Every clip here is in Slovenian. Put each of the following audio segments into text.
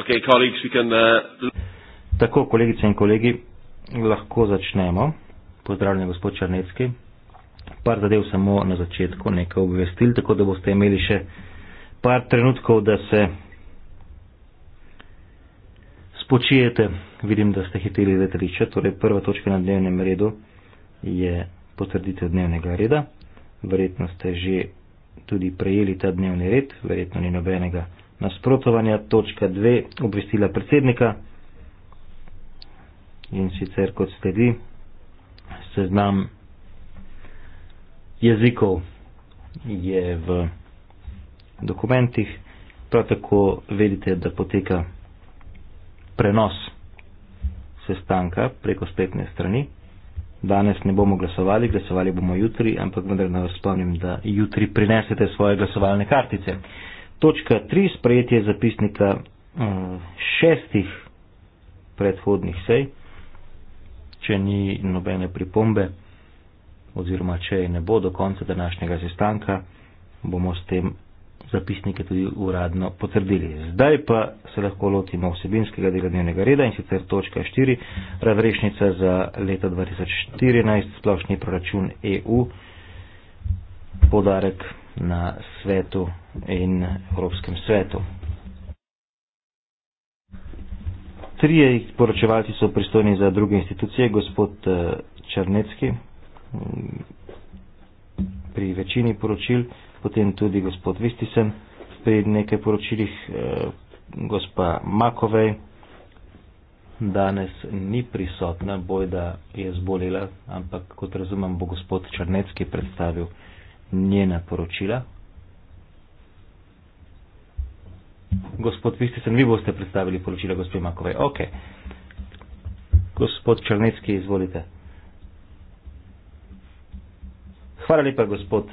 Okay, colleagues, we can, uh... Tako, kolegice in kolegi, lahko začnemo. Pozdravljen, gospod Črnecki. Par zadev samo na začetku, nekaj obvestil, tako da boste imeli še par trenutkov, da se spočijete. Vidim, da ste hiteli letriče, torej prva točka na dnevnem redu je potrditev dnevnega reda. Verjetno ste že tudi prejeli ta dnevni red, verjetno ni nobenega nasprotovanja, točka 2, obvestila predsednika in sicer kot sledi seznam jezikov je v dokumentih. Prav tako vedite, da poteka prenos sestanka preko spletne strani. Danes ne bomo glasovali, glasovali bomo jutri, ampak vendar ne vas spomnim, da jutri prinesete svoje glasovalne kartice. Točka 3. Sprejetje zapisnika mm, šestih predhodnih sej. Če ni nobene pripombe oziroma če je ne bo do konca današnjega sestanka, bomo s tem zapisnike tudi uradno potrdili. Zdaj pa se lahko lotimo vsebinskega dela dnevnega reda in sicer točka 4. Razrešnica za leto 2014, splošni proračun EU, podarek na svetu in Evropskem svetu. Trije poročevalci so pristojni za druge institucije, gospod eh, Črnecki mm, pri večini poročil, potem tudi gospod Vistisen pri nekaj poročilih, eh, gospa Makovej danes ni prisotna, boj da je zbolila, ampak kot razumem, bo gospod Črnecki predstavil njena poročila. Gospod Vistisen, vi boste predstavili poročila gospe Makovej. Ok. Gospod Črnecki, izvolite. Hvala lepa, gospod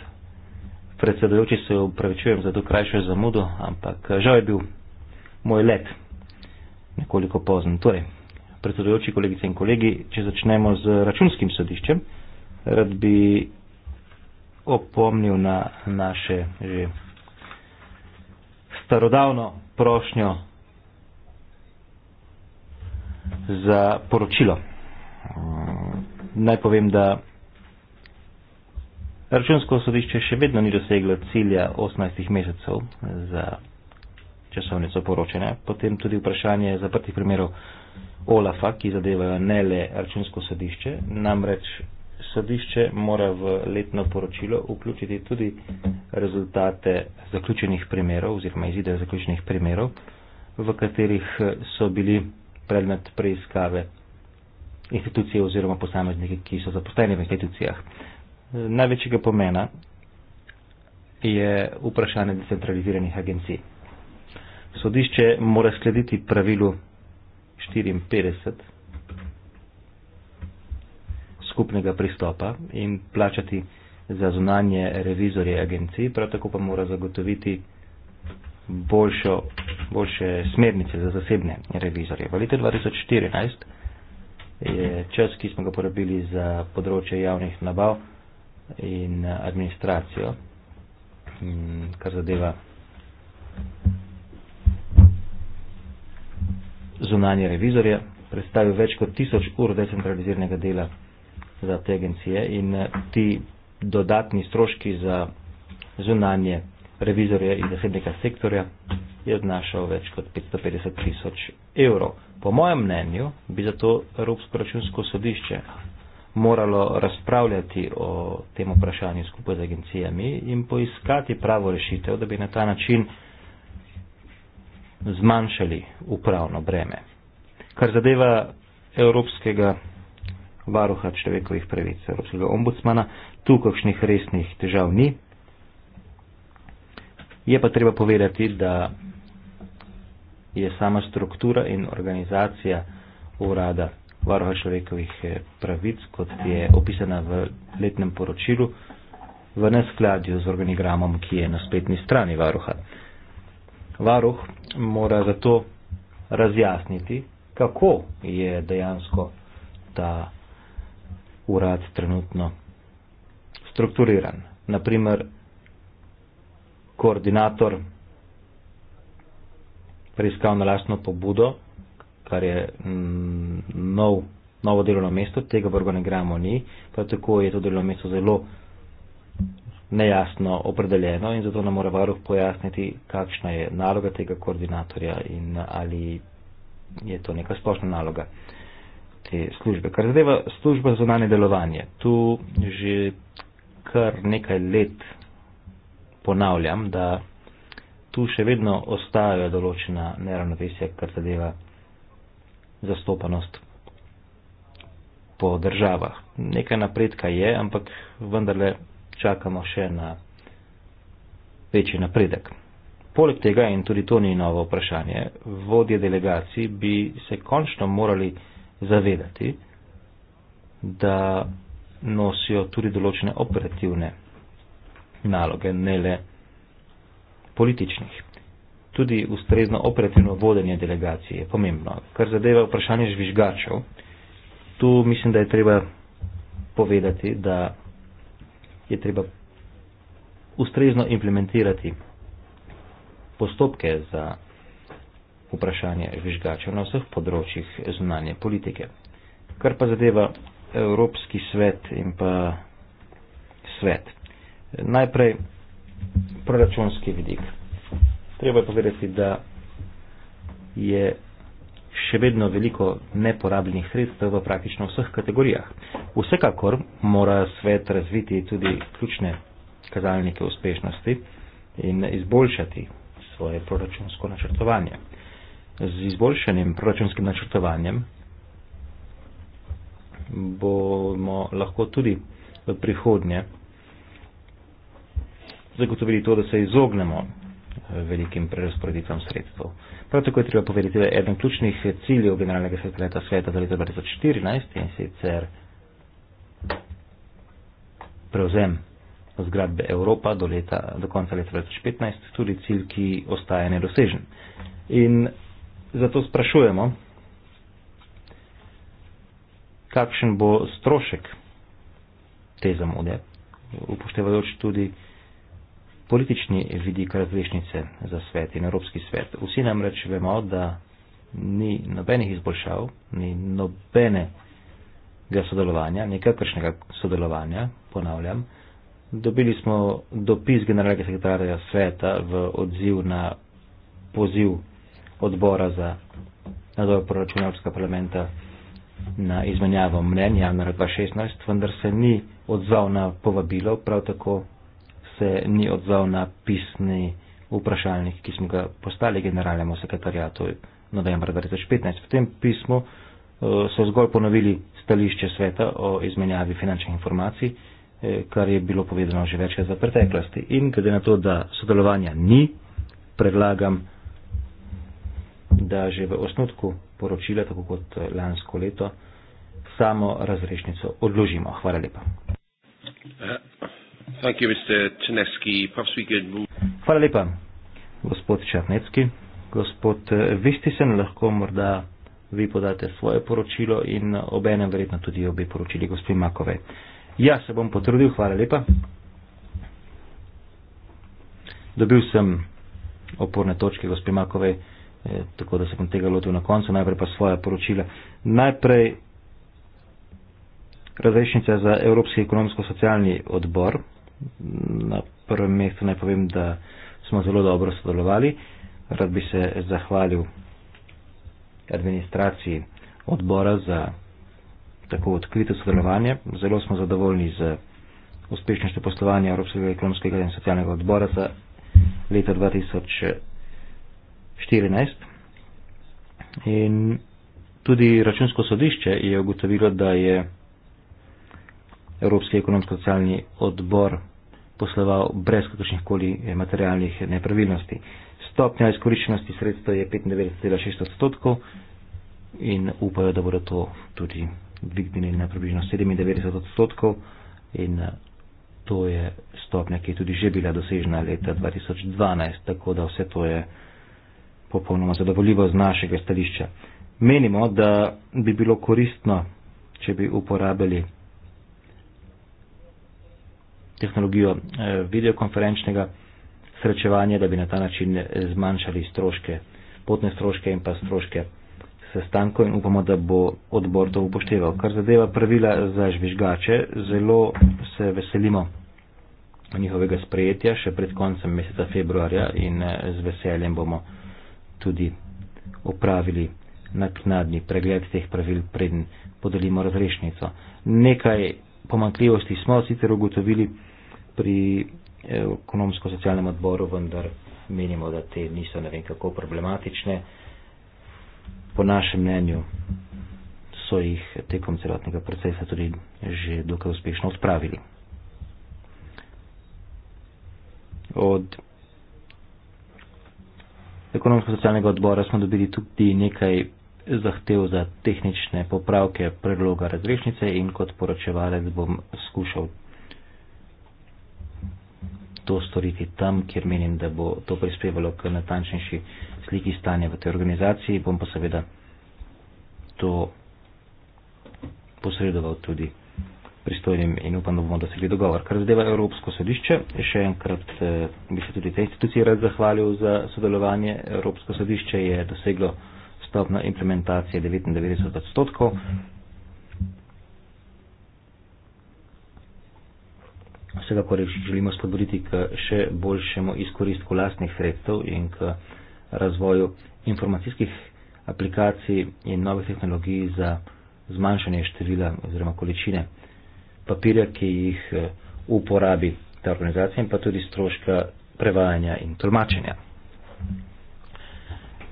predsedujoči, se upravičujem za to krajšo zamudo, ampak žal je bil moj let nekoliko pozen. Torej, predsedujoči, kolegice in kolegi, če začnemo z računskim sodiščem, rad bi opomnil na naše že starodavno prošnjo za poročilo. Mm, naj povem, da računsko sodišče še vedno ni doseglo cilja 18 mesecev za časovnico poročanja. Potem tudi vprašanje zaprtih primerov OLAFA, ki zadevajo ne le računsko sodišče, namreč sodišče mora v letno poročilo vključiti tudi rezultate zaključenih primerov oziroma izide zaključenih primerov, v katerih eh, so bili predmet preiskave institucije oziroma posamezniki, ki so zaposleni v institucijah. Največjega pomena je vprašanje decentraliziranih agencij. Sodišče mora slediti pravilu 54 skupnega pristopa in plačati za zunanje revizorje agencij, prav tako pa mora zagotoviti boljšo, boljše smernice za zasebne revizorje. V letu 2014 je čas, ki smo ga porabili za področje javnih nabav in eh, administracijo, mm, kar zadeva zunanje revizorje, predstavil več kot tisoč ur decentraliziranega dela za te agencije in eh, ti dodatni stroški za zunanje revizorje in zasebnega sektorja je odnašal več kot 550 tisoč evrov. Po mojem mnenju bi zato Evropsko računsko sodišče moralo razpravljati o tem vprašanju skupaj z agencijami in poiskati pravo rešitev, da bi na ta način zmanjšali upravno breme. Kar zadeva evropskega varuha človekovih pravic Evropskega ombudsmana, tu kakšnih resnih težav ni. Je pa treba povedati, da je sama struktura in organizacija urada varuha človekovih eh, pravic, kot je opisana v letnem poročilu, v neskladju z organigramom, ki je na spletni strani varuha. Varuh mora zato razjasniti, kako je dejansko ta urad trenutno strukturiran. Naprimer, koordinator preiskav na lastno pobudo, kar je mm, nov, novo delovno mesto, tega v organigramu ni, pa tako je to delovno mesto zelo nejasno opredeljeno in zato nam mora varuh pojasniti, kakšna je naloga tega koordinatorja in ali je to neka splošna naloga te službe. Kar zadeva služba za zunanje delovanje, tu že kar nekaj let ponavljam, da tu še vedno ostajajo določena neravnovesja, kar zadeva zastopanost po državah. Nekaj napredka je, ampak vendarle čakamo še na večji napredek. Poleg tega, in tudi to ni novo vprašanje, vodje delegacij bi se končno morali zavedati, da nosijo tudi določene operativne naloge, ne le političnih. Tudi ustrezno operativno vodenje delegacije je pomembno. Kar zadeva vprašanje žvižgačev, tu mislim, da je treba povedati, da je treba ustrezno implementirati postopke za vprašanje žvižgačev na vseh področjih zunanje politike. Kar pa zadeva Evropski svet in pa svet. Najprej proračunski vidik. Treba je povedati, da je še vedno veliko neporabljenih sredstev v praktično vseh kategorijah. Vsekakor mora svet razviti tudi ključne kazalnike uspešnosti in izboljšati svoje proračunsko načrtovanje z izboljšanjem proračunskim načrtovanjem, bomo lahko tudi v prihodnje zagotovili to, da se izognemo eh, velikim prerasporeditvam sredstv. Prav tako je treba povedati, da je eden ključnih ciljev generalnega sekretarja sveta za leto 2014 in sicer prevzem zgradbe Evropa do, leta, do konca leta 2015, tudi cilj, ki ostaja nedosežen. In zato sprašujemo, kakšen bo strošek te zamude, upoštevajoč tudi politični vidik različnice za svet in Evropski svet. Vsi namreč vemo, da ni nobenih izboljšav, ni nobenega sodelovanja, nikakršnega sodelovanja, ponavljam. Dobili smo dopis generalnega sekretarja sveta v odziv na poziv odbora za nadzor proračuna Evropskega parlamenta na izmenjavo mnen januarja 2016, vendar se ni odzval na povabilo, prav tako se ni odzval na pisni vprašalnik, ki smo ga postali generalnemu sekretarjatu novembra 2015. V tem pismu eh, so zgolj ponovili stališče sveta o izmenjavi finančnih informacij, eh, kar je bilo povedano že večkrat za preteklosti. In glede na to, da sodelovanja ni, predlagam, da že v osnutku poročila, tako kot eh, lansko leto, samo razrešnico odložimo. Hvala lepa. Uh, hvala lepa, gospod Črnecki. Gospod eh, Vistisen, lahko morda vi podate svoje poročilo in obenem verjetno tudi obe poročili gospodin Makove. Ja, se bom potrudil, hvala lepa. Dobil sem oporne točke gospodin Makove. E, tako da se bom tega lotil na koncu, najprej pa svoje poročile. Najprej razrešnica za Evropski ekonomsko-socialni odbor. Na prvem mestu naj povem, da smo zelo dobro sodelovali. Rad bi se zahvalil administraciji odbora za tako odkrito sodelovanje. Zelo smo zadovoljni z uspešnostjo poslovanja Evropskega ekonomskega in socialnega odbora za leta 2020. 14. In tudi računsko sodišče je ugotovilo, da je Evropski ekonomsko-socialni odbor posloval brez kakršnih koli materialnih nepravilnosti. Stopnja izkoriščenosti sredstva je 95,6 odstotkov in upajo, da bodo to tudi dvignili na približno 97 odstotkov in eh, to je stopnja, ki je tudi že bila dosežena leta 2012, tako da vse to je popolnoma zadovoljivo z našega stališča. Menimo, da bi bilo koristno, če bi uporabili tehnologijo eh, videokonferenčnega srečevanja, da bi na ta način eh, zmanjšali stroške, potne stroške in pa stroške sestankov in upamo, da bo odbor to upošteval. Kar zadeva pravila za žvižgače, zelo se veselimo njihovega sprejetja še pred koncem meseca februarja in eh, z veseljem bomo tudi opravili naknadni pregled teh pravil, preden podelimo razrešnico. Nekaj pomankljivosti smo sicer ugotovili pri eh, ekonomsko-socialnem odboru, vendar menimo, da te niso ne vem kako problematične. Po našem mnenju so jih tekom celotnega procesa tudi že dokaj uspešno odpravili. Od ekonomsko-socialnega odbora smo dobili tudi nekaj zahtev za tehnične popravke predloga razrešnice in kot poročevalec bom skušal to storiti tam, kjer menim, da bo to prispevalo k natančnejši sliki stanja v tej organizaciji. Bom pa seveda to posredoval tudi pristojnim in upam, da bomo dosegli dogovor. Kar zadeva Evropsko sodišče, še enkrat eh, bi se tudi tej instituciji rad zahvalil za sodelovanje. Evropsko sodišče je doseglo stopno implementacije 99 odstotkov. Vsega, kar želimo spodbuditi k še boljšemu izkoristku lastnih sredstev in k razvoju informacijskih aplikacij in novih tehnologij za zmanjšanje števila oziroma količine papirja, ki jih eh, uporabi ta organizacija in pa tudi stroška prevajanja in tolmačenja.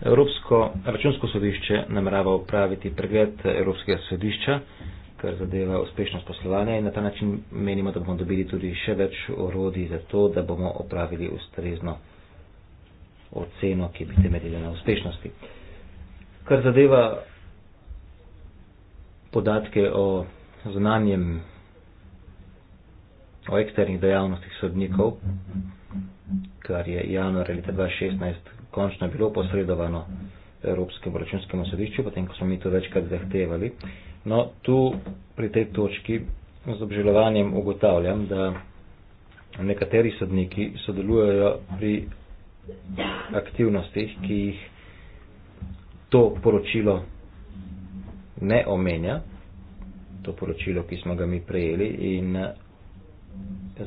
Evropsko računsko sodišče namerava upraviti pregled eh, Evropskega sodišča, kar zadeva uspešnost poslovanja in na ta način menimo, da bomo dobili tudi še več orodij za to, da bomo opravili ustrezno oceno, ki bi temeljila na uspešnosti. Kar zadeva podatke o zunanjem o eksternih dejavnostih sodnikov, kar je januar leta 2016 končno bilo posredovano Evropskem računskemu sodišču, potem ko smo mi to večkrat zahtevali. No, tu pri tej točki z obžalovanjem ugotavljam, da nekateri sodniki sodelujejo pri aktivnostih, ki jih to poročilo ne omenja, to poročilo, ki smo ga mi prejeli in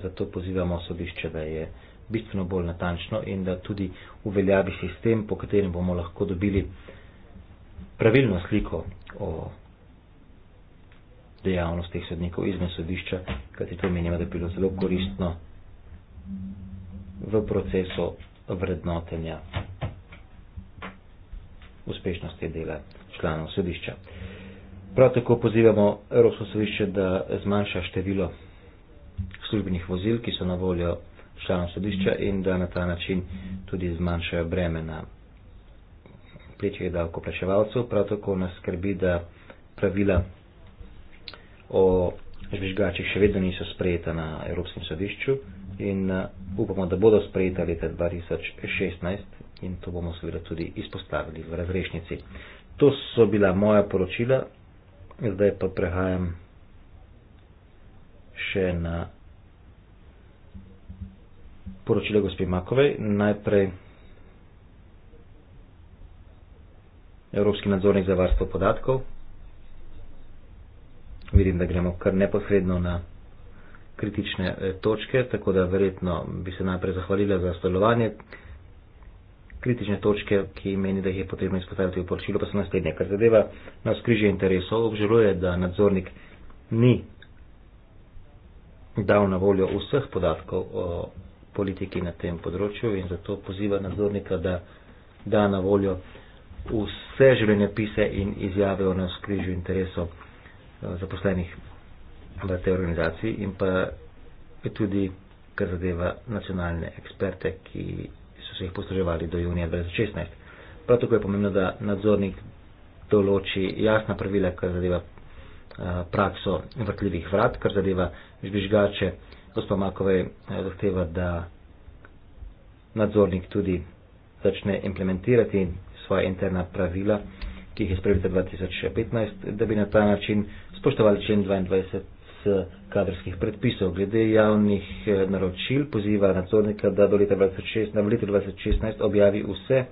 Zato pozivamo sodišče, da je bistveno bolj natančno in da tudi uveljavi sistem, po katerem bomo lahko dobili pravilno sliko o dejavnostih sodnikov izven sodišča, kajti to menimo, da bi bilo zelo koristno v procesu vrednotenja uspešnosti dela članov sodišča. Prav tako pozivamo Evropsko sodišče, da zmanjša število službenih vozil, ki so na voljo članom sodišča in da na ta način tudi zmanjšajo breme na plečih davkoplačevalcev. Prav tako nas skrbi, da pravila o žvižgačih še vedno niso sprejeta na Evropskem sodišču in eh, upamo, da bodo sprejeta leta 2016 in to bomo seveda tudi izpostavili v razrešnici. To so bila moja poročila, zdaj pa prehajam še na poročilo gospe Makovej. Najprej Evropski nadzornik za varstvo podatkov. Vidim, da gremo kar neposredno na kritične eh, točke, tako da verjetno bi se najprej zahvalila za sodelovanje. Kritične točke, ki meni, da jih je potrebno izpostaviti v poročilu, pa so naslednje, kar zadeva na skrižje interesov. Obžaluje, da nadzornik ni dal na voljo vseh podatkov o politiki na tem področju in zato poziva nadzornika, da da na voljo vse življenjepise in izjave o naskrižju interesov eh, zaposlenih v tej organizaciji in pa je tudi, kar zadeva nacionalne eksperte, ki so se jih posluževali do junija 2016. Prav tako je pomembno, da nadzornik določi jasna pravila, kar zadeva Eh, prakso vrtljivih vrat, kar zadeva žvižgače. Gospod Makove eh, zahteva, da nadzornik tudi začne implementirati svoje interna pravila, ki jih je sprejel 2015, da bi na ta način spoštovali člen 22 s kadrskih predpisov. Glede javnih eh, naročil poziva nadzornika, da do leta 2016, na leta 2016 objavi vse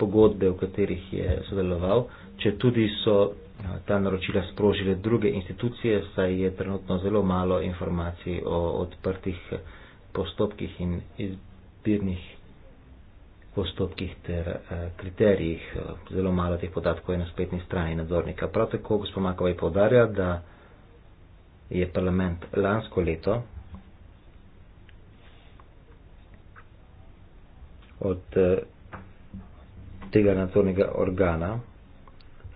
pogodbe, v katerih je sodeloval, če tudi so Eh, ta naročila sprožile druge institucije, saj je trenutno zelo malo informacij o odprtih postopkih in izbirnih postopkih ter eh, kriterijih. Zelo malo teh podatkov je na spletni strani nadzornika. Prav tako gospod Makovaj povdarja, da je parlament lansko leto od eh, tega nadzornega organa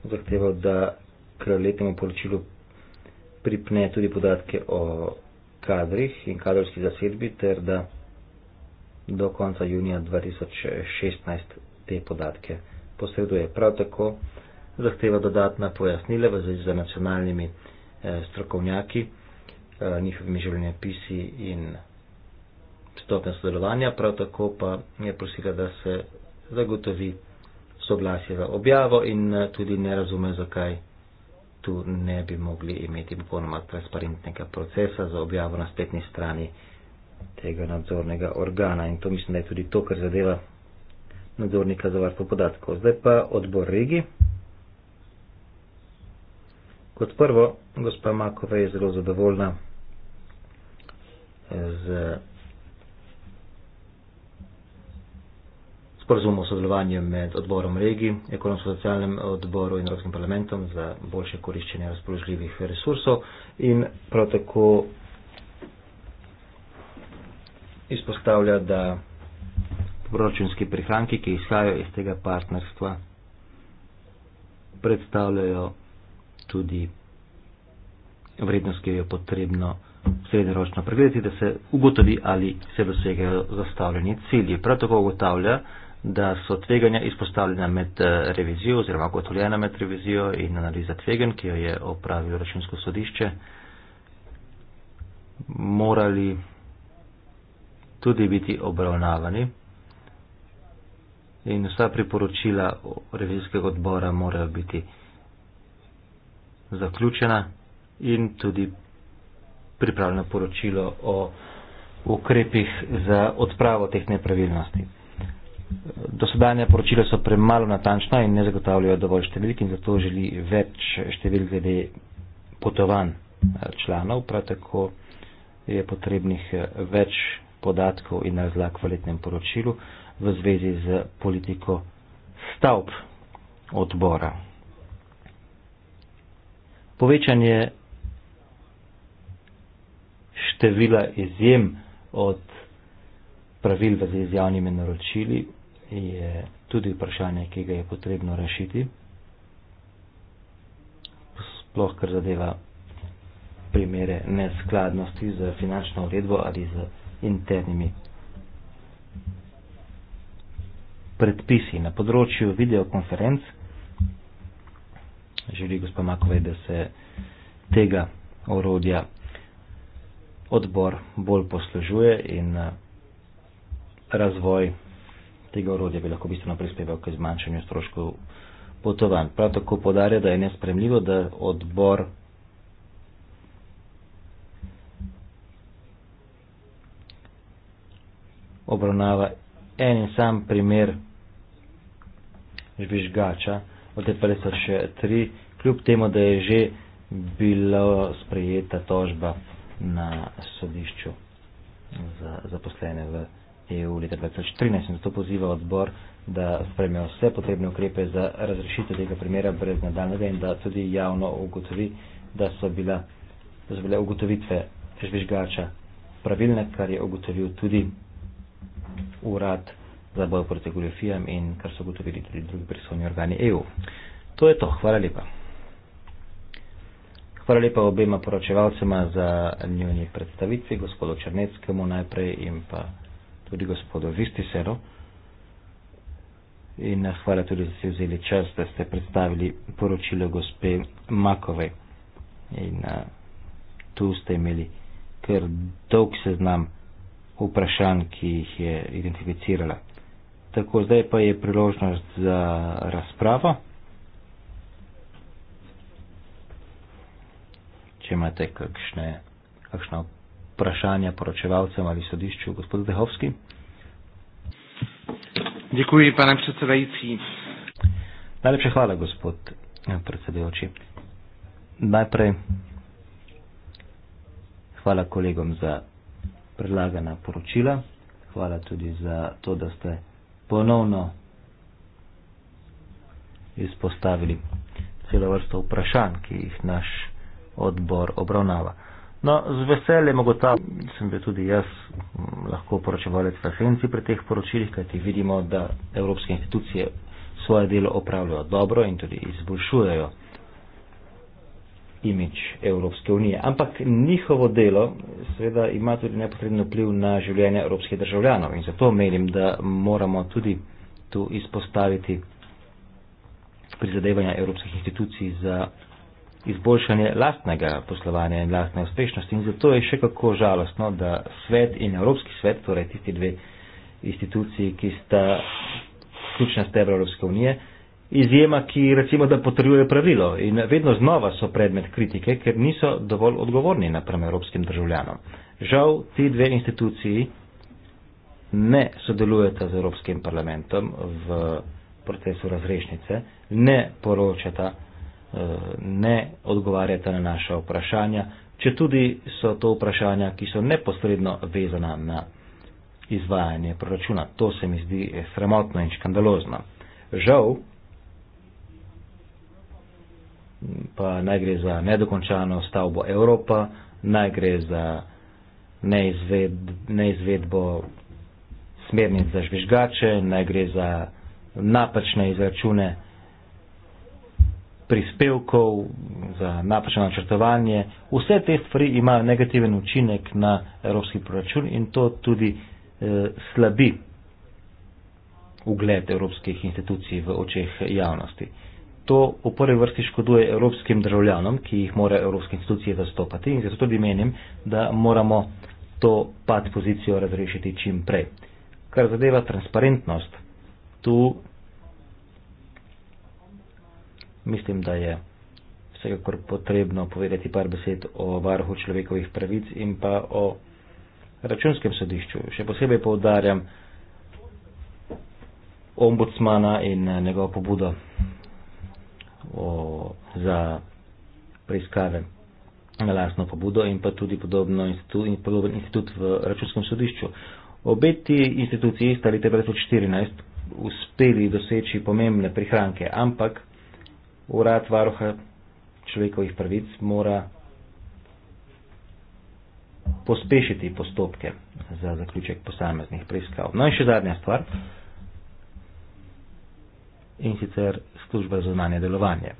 zahteval, da k letnemu poročilu pripne tudi podatke o kadrih in kadrovski zasedbi, ter da do konca junija 2016 te podatke posreduje. Prav tako zahteva dodatna pojasnila v zvezi z nacionalnimi eh, strokovnjaki, eh, njihovimi življenjepisi in stopnjo sodelovanja, prav tako pa je prosila, da se zagotovi soglasje v objavo in eh, tudi ne razume, zakaj tu ne bi mogli imeti popolnoma transparentnega procesa za objavo na spletni strani tega nadzornega organa. In to mislim, da je tudi to, kar zadeva nadzornika za varstvo podatkov. Zdaj pa odbor Rigi. Kot prvo, gospa Makova je zelo zadovoljna eh, z sporozum o sodelovanju med odborom regij, ekonomsko-socialnim odborom in Evropskim parlamentom za boljše koriščenje razpoložljivih resursov in prav tako izpostavlja, da proračunski prihranki, ki izhajajo iz tega partnerstva, predstavljajo tudi vrednost, ki jo je potrebno srednjeročno pregledati, da se ugotovi, ali se dosegajo zastavljeni cilji. Prav tako ugotavlja, da so tveganja izpostavljena med eh, revizijo oziroma gotovljena med revizijo in analiza tvegen, ki jo je opravil računsko sodišče, morali tudi biti obravnavani in vsa priporočila revizijskega odbora morajo biti zaključena in tudi pripravljeno poročilo o ukrepih za odpravo teh nepravilnosti dosedanje poročila so premalo natančna in ne zagotavljajo dovolj številk in zato želi več številk glede potovanj eh, članov, prav tako je potrebnih eh, več podatkov in razla kvalitnem poročilu v zvezi z politiko stavb odbora. Povečanje števila izjem od pravil v zvezi z javnimi naročili je tudi vprašanje, ki ga je potrebno rešiti, sploh kar zadeva primere neskladnosti z finančno uredbo ali z internimi predpisi. Na področju videokonferenc želi gospod Makovej, da se tega orodja odbor bolj poslužuje in eh, razvoj tega orodja bi lahko bistveno prispeval k zmanjšanju stroškov potovanj. Prav tako podarja, da je nespremljivo, da odbor obravnava en in sam primer žvižgača, od te pa so še tri, kljub temu, da je že bila sprejeta tožba na sodišču za zaposlene v. EU leta 2013 in zato poziva odbor, da spremlja vse potrebne ukrepe za razrešitev tega primera brez nadaljnega in da tudi javno ugotovi, da so, bila, da so bile ugotovitve žvižgača pravilne, kar je ugotovil tudi urad za boj proti goljofijam in kar so ugotovili tudi drugi prisotni organi EU. To je to. Hvala lepa. Hvala lepa obema poročevalcema za njeni predstavici, gospodu Črneckemu najprej in pa tudi gospodu Vistiseru. In eh, hvala tudi, da ste vzeli čas, da ste predstavili poročilo gospe Makove. In uh, tu ste imeli kar dolg seznam vprašanj, ki jih je identificirala. Tako, zdaj pa je priložnost za razpravo. Če imate kakšne, kakšno vprašanje vprašanja poročevalcem ali sodišču. Gospod Zdehovski. Děkuji, pane predsedajúci. Najlepša hvala, gospod eh, predsedajúci. Najprej hvala kolegom za predlagana poročila. Hvala tudi za to, da ste ponovno izpostavili celo vrsto vprašanj, ki jih naš odbor obravnava. No, z veseljem ugotavljam, da sem bil tudi jaz mm, lahko poročevalec v Agenciji pri teh poročilih, kajti vidimo, da evropske institucije svoje delo opravljajo dobro in tudi izboljšujejo imič Evropske unije. Ampak njihovo delo seveda ima tudi neposreden vpliv na življenje evropskih državljanov in zato menim, da moramo tudi tu izpostaviti prizadevanja evropskih institucij za izboljšanje lastnega poslovanja in lastne uspešnosti. In zato je še kako žalostno, da svet in Evropski svet, torej tisti dve instituciji, ki sta ključna stebra Evropske unije, izjema, ki recimo, da potrjuje pravilo in vedno znova so predmet kritike, ker niso dovolj odgovorni naprem evropskim državljanom. Žal, ti dve instituciji ne sodelujeta z Evropskim parlamentom v procesu razrešnice, ne poročata ne odgovarjate na naša vprašanja, če tudi so to vprašanja, ki so neposredno vezana na izvajanje proračuna. To se mi zdi sramotno in škandalozno. Žal, pa naj gre za nedokončano stavbo Evropa, naj gre za neizved, neizvedbo smernic za žvižgače, naj gre za napačne izračune prispevkov, za napačno načrtovanje. Vse te stvari imajo negativen učinek na evropski proračun in to tudi eh, slabi ugled evropskih institucij v očeh javnosti. To v prvi vrsti škoduje evropskim državljanom, ki jih morajo evropske institucije zastopati in zato tudi menim, da moramo to pad pozicijo razrešiti čim prej. Kar zadeva transparentnost, tu mislim, da je vsekakor potrebno povedati par besed o varhu človekovih pravic in pa o računskem sodišču. Še posebej povdarjam ombudsmana in eh, njegovo pobudo o, za preiskave na lastno pobudo in pa tudi podobno institut, in podoben institut v računskem sodišču. Obe ti instituciji sta leta 2014 uspeli doseči pomembne prihranke, ampak urad varuha človekovih pravic mora pospešiti postopke za zaključek posameznih preiskav. No in še zadnja stvar, in sicer služba za znanje delovanje.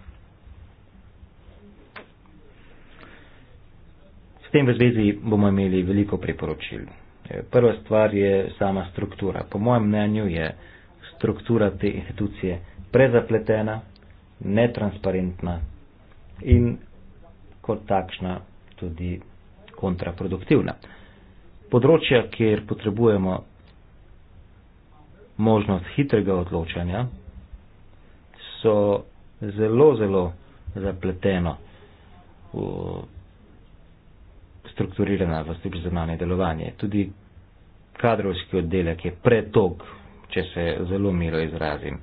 S tem v zvezi bomo imeli veliko priporočil. E, prva stvar je sama struktura. Po mojem mnenju je struktura te institucije prezapletena, netransparentna in kot takšna tudi kontraproduktivna. Področja, kjer potrebujemo možnost hitrega odločanja, so zelo, zelo zapleteno strukturirana v službi za znanje delovanje. Tudi kadrovski oddelek je pretok, če se zelo miro izrazim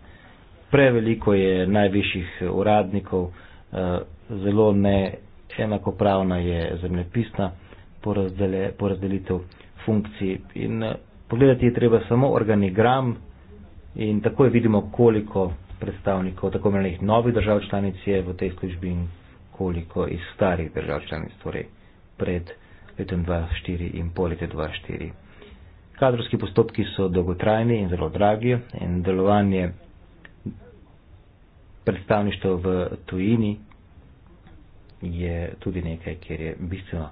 preveliko je najvišjih uradnikov, eh, zelo neenakopravna je zemljepisna porazdelitev funkcij. In eh, pogledati je treba samo organigram in tako je vidimo, koliko predstavnikov tako imenih novih držav članic je v tej službi in koliko iz starih držav članic, torej pred letom 2004 in po letu 2004. Kadrovski postopki so dolgotrajni in zelo dragi in delovanje predstavništvo v tujini je tudi nekaj, kjer je bistveno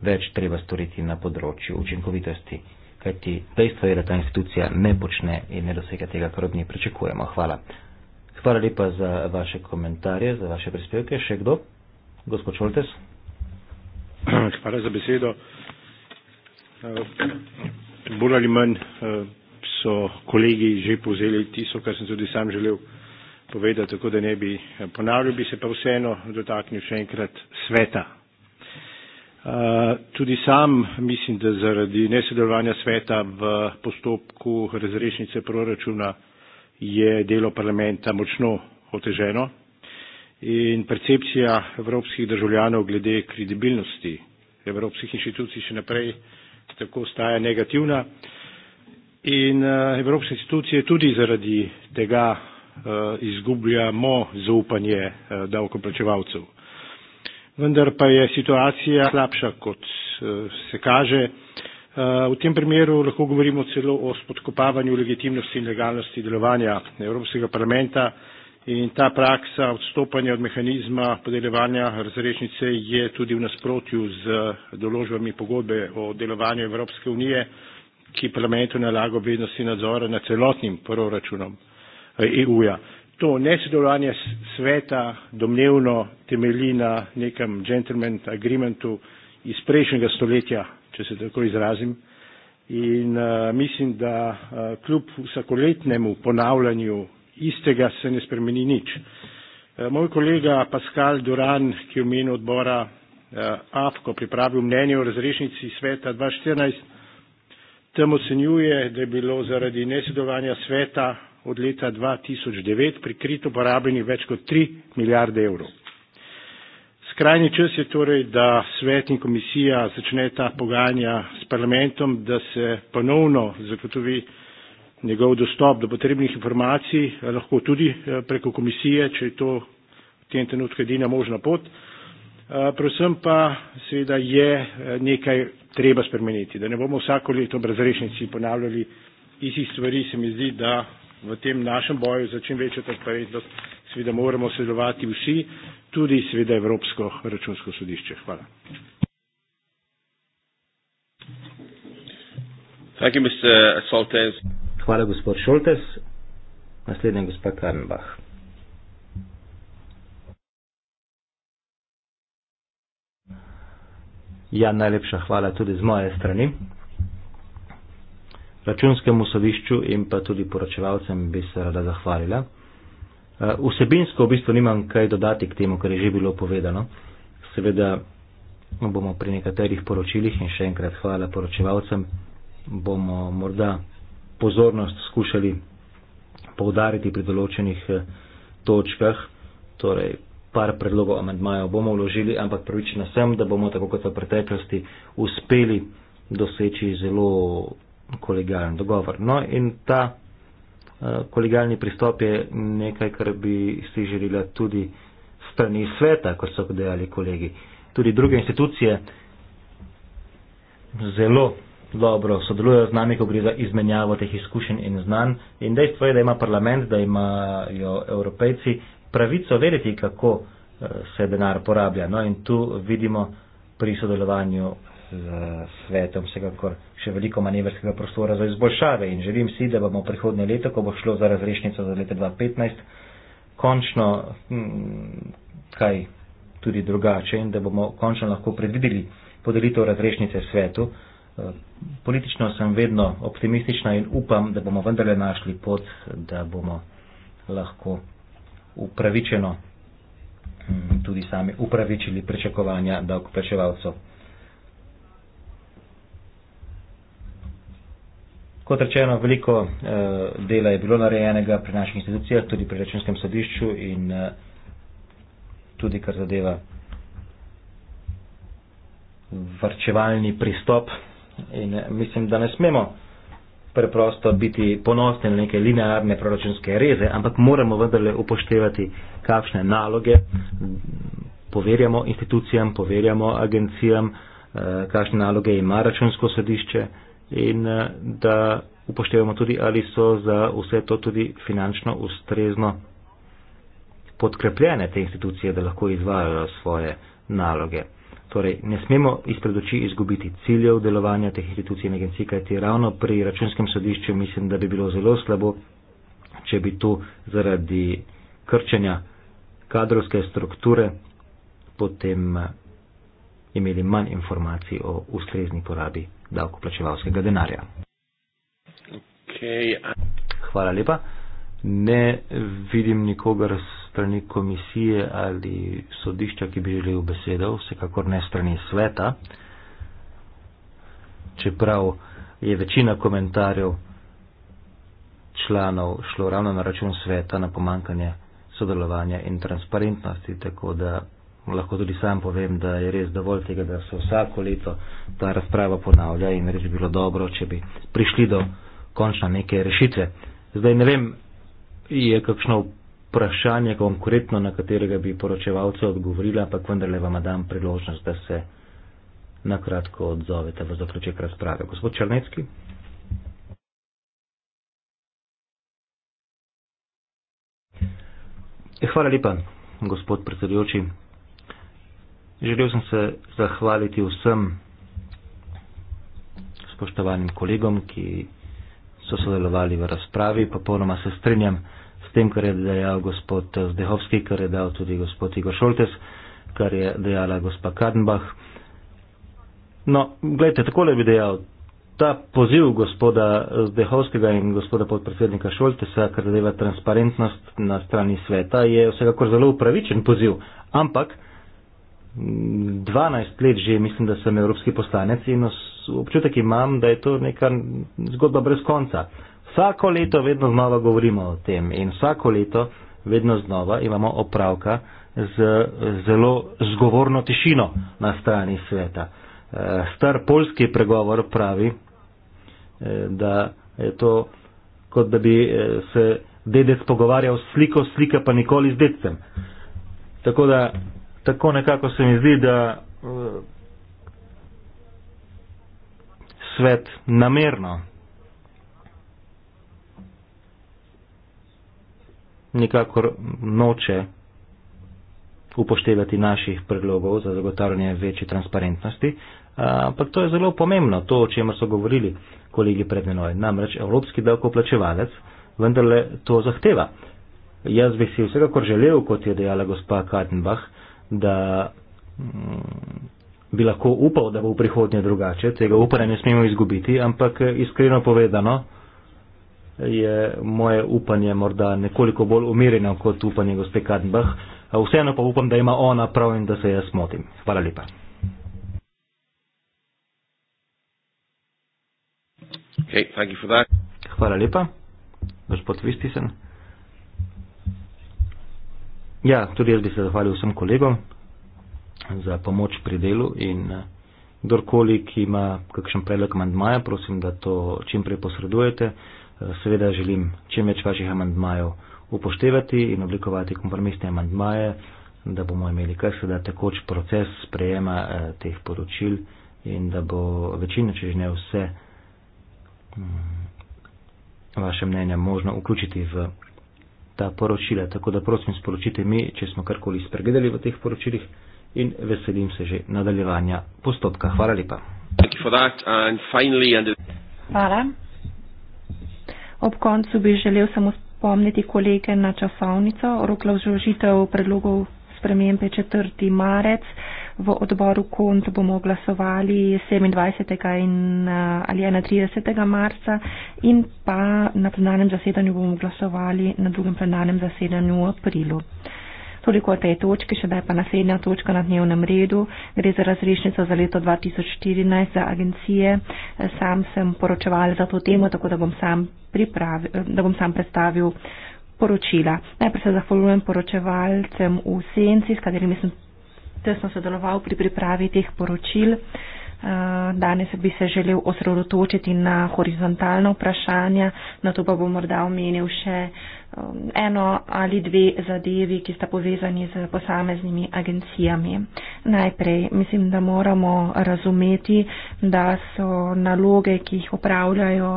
več treba storiti na področju učinkovitosti, kajti dejstvo je, da ta institucija ne počne in ne dosega tega, kar od nje pričakujemo. Hvala. Hvala lepa za vaše komentarje, za vaše prispevke. Še kdo? Gospod Šoltes. Hvala za besedo. Eh, bolj ali manj eh, so kolegi že povzeli tisto, kar sem tudi sam želel povedati, tako da ne bi eh, ponavljal, bi se pa vseeno dotaknil še enkrat sveta. Eh, tudi sam mislim, da zaradi nesodelovanja sveta v postopku razrešnice proračuna je delo parlamenta močno oteženo in percepcija evropskih državljanov glede kredibilnosti evropskih inštitucij še naprej tako ostaja negativna. In uh, evropske institucije tudi zaradi tega uh, izgubljamo zaupanje uh, davkoplačevalcev. Vendar pa je situacija slabša, kot uh, se kaže. Uh, v tem primeru lahko govorimo celo o spodkopavanju legitimnosti in legalnosti delovanja Evropskega parlamenta in ta praksa odstopanja od mehanizma podeljevanja razrešnice je tudi v nasprotju z določbami pogodbe o delovanju Evropske unije ki parlamentu nalaga obveznosti nadzora nad celotnim proračunom EU-ja. Eh, e to nesodelovanje sveta domnevno temelji na nekem gentleman agreementu iz prejšnjega stoletja, če se tako izrazim. In uh, mislim, da uh, kljub vsakoletnemu ponavljanju istega se ne spremeni nič. Uh, moj kolega Pascal Duran, ki je v imenu odbora uh, AFKO pripravil mnenje o razrešnici sveta 2014, Tam ocenjuje, da je bilo zaradi nesedovanja sveta od leta 2009 prikrito porabljenih več kot 3 milijarde evrov. Skrajni čas je torej, da svet in komisija začne ta pogajanja s parlamentom, da se ponovno zagotovi njegov dostop do potrebnih informacij, lahko tudi eh, preko komisije, če je to v tem trenutku edina možna pot. Eh, predvsem pa seveda je eh, nekaj treba spremeniti, da ne bomo vsako leto brez rešnici ponavljali istih stvari, se mi zdi, da v tem našem boju za čim večjo transparentnost seveda moramo sodelovati vsi, tudi seveda Evropsko računsko sodišče. Hvala. Hvala, gospod Šoltes. Naslednja gospa Karnbach. Ja, najlepša hvala tudi z moje strani. Računskemu sodišču in pa tudi poročevalcem bi se rada zahvalila. Eh, vsebinsko v bistvu nimam kaj dodati k temu, kar je že bilo povedano. Seveda bomo pri nekaterih poročilih in še enkrat hvala poročevalcem, bomo morda pozornost skušali poudariti pri določenih eh, točkah, torej par predlogov amendmajev bomo vložili, ampak pravična sem, da bomo tako kot v preteklosti uspeli doseči zelo kolegijalen dogovor. No in ta eh, kolegijalni pristop je nekaj, kar bi si želila tudi strani sveta, kot so dejali kolegi. Tudi druge institucije zelo dobro sodelujejo z nami, ko gre za izmenjavo teh izkušenj in znanj. In dejstvo je, da ima parlament, da imajo evropejci pravico vedeti, kako eh, se denar porablja. No, in tu vidimo pri sodelovanju z svetom vsekakor še veliko manevrskega prostora za izboljšave. In želim si, da bomo prihodne leto, ko bo šlo za razrešnico za leto 2015, končno hm, kaj tudi drugače in da bomo končno lahko predvideli podelitev razrešnice svetu. Eh, politično sem vedno optimistična in upam, da bomo vendarle našli pot, da bomo lahko upravičeno mm, tudi sami upravičili pričakovanja davkoplačevalcev. Kot rečeno, veliko eh, dela je bilo narejenega pri naših institucijah, tudi pri računskem sodišču in eh, tudi kar zadeva vrčevalni pristop. In eh, mislim, da ne smemo preprosto biti ponosni na neke linearne proračunske reze, ampak moramo vendarle upoštevati, kakšne naloge poverjamo institucijam, poverjamo agencijam, eh, kakšne naloge ima računsko sodišče in eh, da upoštevamo tudi, ali so za vse to tudi finančno ustrezno podkrepljene te institucije, da lahko izvajajo svoje naloge. Torej, ne smemo izpred oči izgubiti ciljev delovanja teh institucij in agencij, kajti ravno pri računskem sodišču mislim, da bi bilo zelo slabo, če bi tu zaradi krčenja kadrovske strukture potem eh, imeli manj informacij o ustrezni porabi davkoplačevalskega denarja. Okay. Hvala lepa. Ne vidim nikogar s strani komisije ali sodišča, ki bi želel besedo, vsekakor ne strani sveta, čeprav je večina komentarjev članov šlo ravno na račun sveta, na pomankanje sodelovanja in transparentnosti, tako da lahko tudi sam povem, da je res dovolj tega, da se vsako leto ta razprava ponavlja in res bi bilo dobro, če bi prišli do končna neke rešitve. Zdaj ne vem, je kakšno vprašanje konkretno, na katerega bi poročevalce odgovorila, ampak vendarle vam dam priložnost, da se na kratko odzovete v zaključek razprave. Gospod Črnecki. Ja, hvala lepa, gospod predsedujoči. Želel sem se zahvaliti vsem spoštovanim kolegom, ki so sodelovali v razpravi. Popolnoma se strinjam tem, kar je dejal gospod Zdehovski, kar je dejal tudi gospod Igor Šoltes, kar je dejala gospa Kadenbach. No, gledajte, takole bi dejal. Ta poziv gospoda Zdehovskega in gospoda podpredsednika Šoltesa, kar zadeva transparentnost na strani sveta, je vsekakor zelo upravičen poziv. Ampak 12 let že mislim, da sem evropski poslanec in občutek imam, da je to neka zgodba brez konca. Vsako leto vedno znova govorimo o tem in vsako leto vedno znova imamo opravka z zelo zgovorno tišino na strani sveta. Eh, star polski pregovor pravi, eh, da je to, kot da bi eh, se dedec pogovarjal s sliko, slika pa nikoli z dedcem. Tako da, tako nekako se mi zdi, da svet namerno nikakor noče upoštevati naših predlogov za zagotavljanje večje transparentnosti, eh, ampak to je zelo pomembno, to, o čemer so govorili kolegi pred menoj. Namreč evropski davkoplačevalec vendarle to zahteva. Jaz bi si vsekakor želel, kot je dejala gospa Kardenbach, da mm, bi lahko upal, da bo v prihodnje drugače, tega upanja ne smemo izgubiti, ampak eh, iskreno povedano, je moje upanje morda nekoliko bolj umirjeno kot upanje gospe Kadenbach. Vseeno pa upam, da ima ona prav in da se jaz motim. Hvala lepa. Okay, thank you for that. Hvala lepa, gospod Vistisen. Ja, tudi jaz bi se zahvalil vsem kolegom za pomoč pri delu in eh, kdorkoli, ki ima kakšen predlog mandmaja, prosim, da to čim prej posredujete seveda želim čim več vaših amandmajev upoštevati in oblikovati kompromisne amandmaje, da bomo imeli kar seveda tekoč proces sprejema eh, teh poročil in da bo večina, če že ne vse, mm, vaše mnenja možno vključiti v ta poročila. Tako da prosim, sporočite mi, če smo karkoli spregledali v teh poročilih in veselim se že nadaljevanja postopka. Hvala lepa. Hvala. Ob koncu bi želel samo spomniti kolege na časovnico. Rok vložitev predlogov spremembe 4. marec. V odboru KONT bomo glasovali 27. In, eh, ali 31. marca in pa na plenarnem zasedanju bomo glasovali na drugem plenarnem zasedanju v aprilu. Toliko o tej točki, še da je pa naslednja točka na dnevnem redu. Gre za razrešnico za leto 2014 za agencije. Sam sem poročeval za to temo, tako da bom sam, pripravi, da bom sam predstavil poročila. Najprej se zahvaljujem poročevalcem v Senci, s katerimi sem tesno sodeloval pri pripravi teh poročil. Danes bi se želel osredotočiti na horizontalna vprašanja, na to pa bom morda omenil še Um, eno ali dve zadevi, ki sta povezani z posameznimi agencijami. Najprej mislim, da moramo razumeti, da so naloge, ki jih upravljajo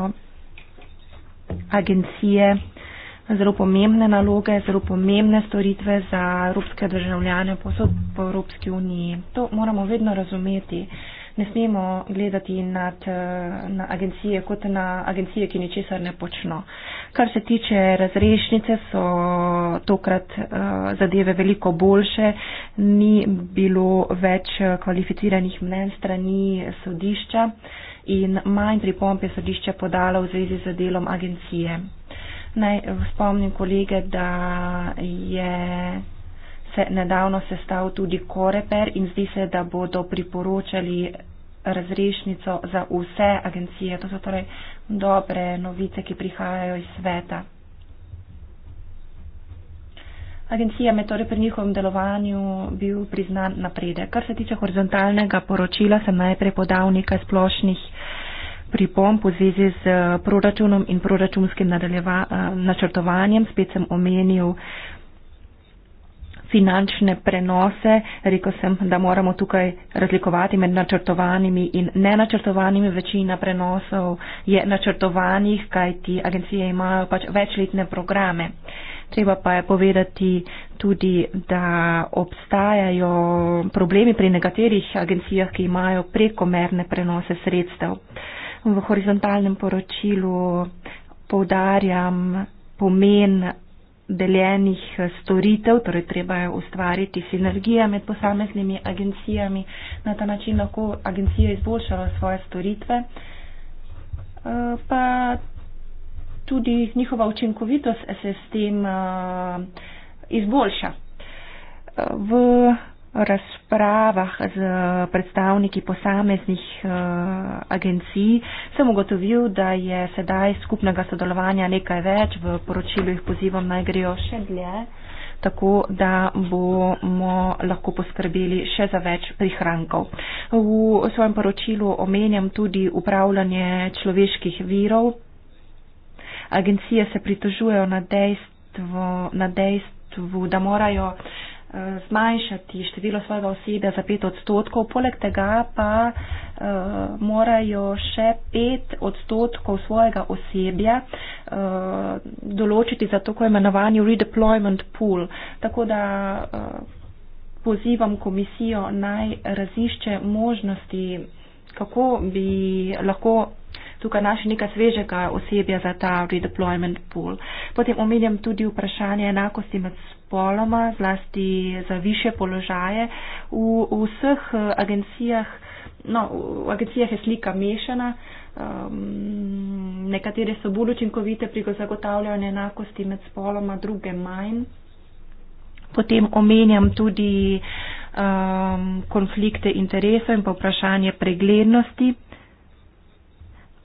agencije, zelo pomembne naloge, zelo pomembne storitve za evropske državljane posod po Evropski uniji. To moramo vedno razumeti. Uh, ne smemo gledati nad, eh, na agencije kot na agencije, ki ničesar ne počno. Kar se tiče razrešnice, so tokrat uh, zadeve veliko boljše, ni bilo več eh, kvalificiranih mnen strani sodišča in manj pripomp je sodišče podalo v zvezi z delom agencije. Naj spomnim kolege, da je se nedavno sestav tudi Koreper in zdi se, da bodo priporočali razrešnico za vse agencije. To so torej dobre novice, ki prihajajo iz sveta. Agencija me torej pri njihovem delovanju bil priznan napredek. Kar se tiče horizontalnega poročila, sem najprej podal nekaj splošnih pripomp v zvezi z proračunom in proračunskim eh, načrtovanjem. Spet sem omenil uh, finančne prenose. Rekel sem, da moramo tukaj razlikovati med načrtovanimi in nenačrtovanimi. Večina prenosov je načrtovanih, kajti agencije imajo pač večletne programe. Treba pa je povedati tudi, da obstajajo problemi pri nekaterih agencijah, ki imajo prekomerne prenose sredstev. V horizontalnem poročilu poudarjam pomen deljenih eh, storitev, torej treba je ustvariti sinergije med posameznimi agencijami, na ta način lahko agencija izboljšala svoje storitve, eh, pa tudi njihova učinkovitost se s tem eh, izboljša. V razpravah z predstavniki posameznih eh, agencij sem ugotovil, da je sedaj skupnega sodelovanja nekaj več, v poročilu jih pozivam naj grejo še dlje, tako da bomo lahko poskrbeli še za več prihrankov. V svojem poročilu omenjam tudi upravljanje človeških virov. Agencije se pritožujejo na dejstvo, na dejstvo da morajo zmanjšati število svojega osebja za pet odstotkov, poleg tega pa uh, morajo še pet odstotkov svojega osebja uh, določiti za tako imenovani redeployment pool. Tako da uh, pozivam komisijo naj razišče možnosti, kako bi lahko tukaj našli nekaj svežega osebja za ta redeployment pool. Potem omenjam tudi vprašanje enakosti med spolu spoloma, zlasti za više položaje. V, v vseh eh, agencijah, no, v agencijah je slika mešana. Um, nekatere so bolj učinkovite pri zagotavljanju enakosti med spoloma, druge manj. Potem omenjam tudi um, konflikte interesov in pa vprašanje preglednosti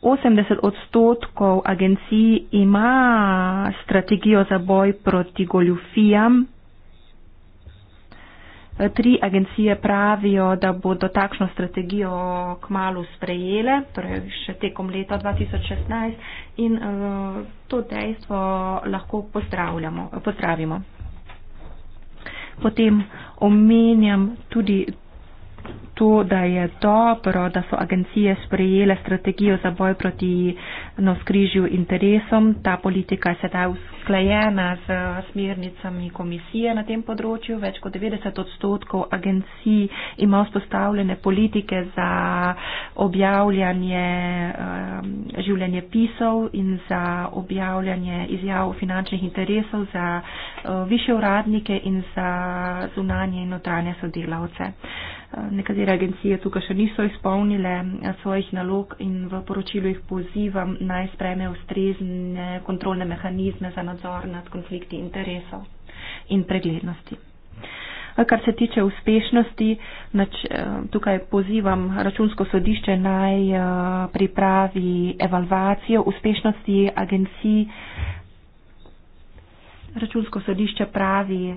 80 odstotkov agencij ima strategijo za boj proti goljufijam. Tri agencije pravijo, da bodo takšno strategijo kmalo sprejele, torej še tekom leta 2016 in eh, to dejstvo lahko pozdravimo. Potem omenjam tudi to, da je dobro, da so agencije sprejele strategijo za boj proti navskrižju interesom. Ta politika je sedaj usklajena z smernicami komisije na tem področju. Več kot 90 odstotkov agencij ima vzpostavljene politike za objavljanje um, življenje pisov in za objavljanje izjav finančnih interesov za uh, više uradnike in za zunanje in notranje sodelavce. Nekatere agencije tukaj še niso izpolnile eh, svojih nalog in v poročilu jih pozivam naj spreme ustrezne kontrolne mehanizme za nadzor nad konflikti interesov in preglednosti. Kar se tiče uspešnosti, eh, tukaj pozivam računsko sodišče naj eh, pripravi evalvacijo uspešnosti agencij. Računsko sodišče pravi,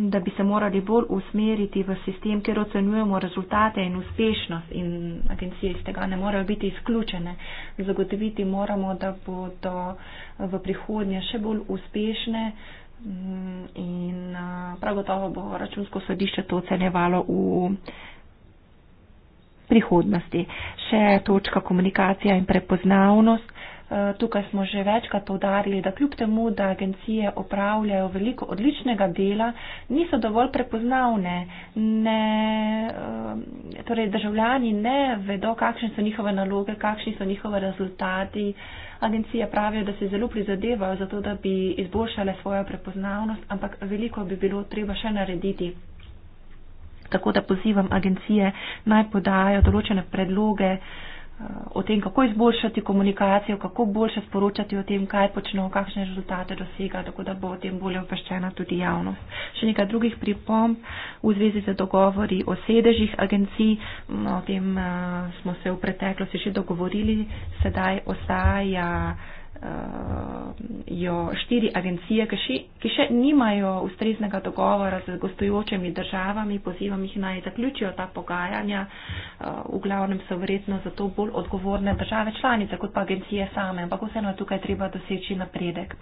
da bi se morali bolj usmeriti v sistem, kjer ocenjujemo rezultate in uspešnost in agencije iz tega ne morejo biti izključene. Zagotoviti moramo, da bodo v prihodnje še bolj uspešne mm, in prav gotovo bo računsko sodišče to ocenjevalo v prihodnosti. Še točka komunikacija in prepoznavnost. Tukaj smo že večkrat povdarili, da kljub temu, da agencije opravljajo veliko odličnega dela, niso dovolj prepoznavne. Ne, eh, torej državljani ne vedo, kakšne so njihove naloge, kakšni so njihove rezultati. Agencije pravijo, da se zelo prizadevajo za to, da bi izboljšale svojo prepoznavnost, ampak veliko bi bilo treba še narediti. Tako da pozivam agencije naj podajo določene predloge uh, o tem, kako izboljšati komunikacijo, kako boljše sporočati o tem, kaj počno, kakšne rezultate dosega, tako da bo o tem bolje obveščena tudi javnost. Še nekaj drugih pripomb v zvezi z dogovori o sedežih agencij, no, o tem eh, smo se v preteklosti že dogovorili, sedaj ostaja uh, jo štiri agencije, ki še, ki še nimajo ustreznega dogovora z gostujočimi državami, pozivam jih naj zaključijo ta pogajanja. Uh, v glavnem so verjetno zato bolj odgovorne države članice, kot pa agencije same, ampak vseeno je tukaj treba doseči napredek.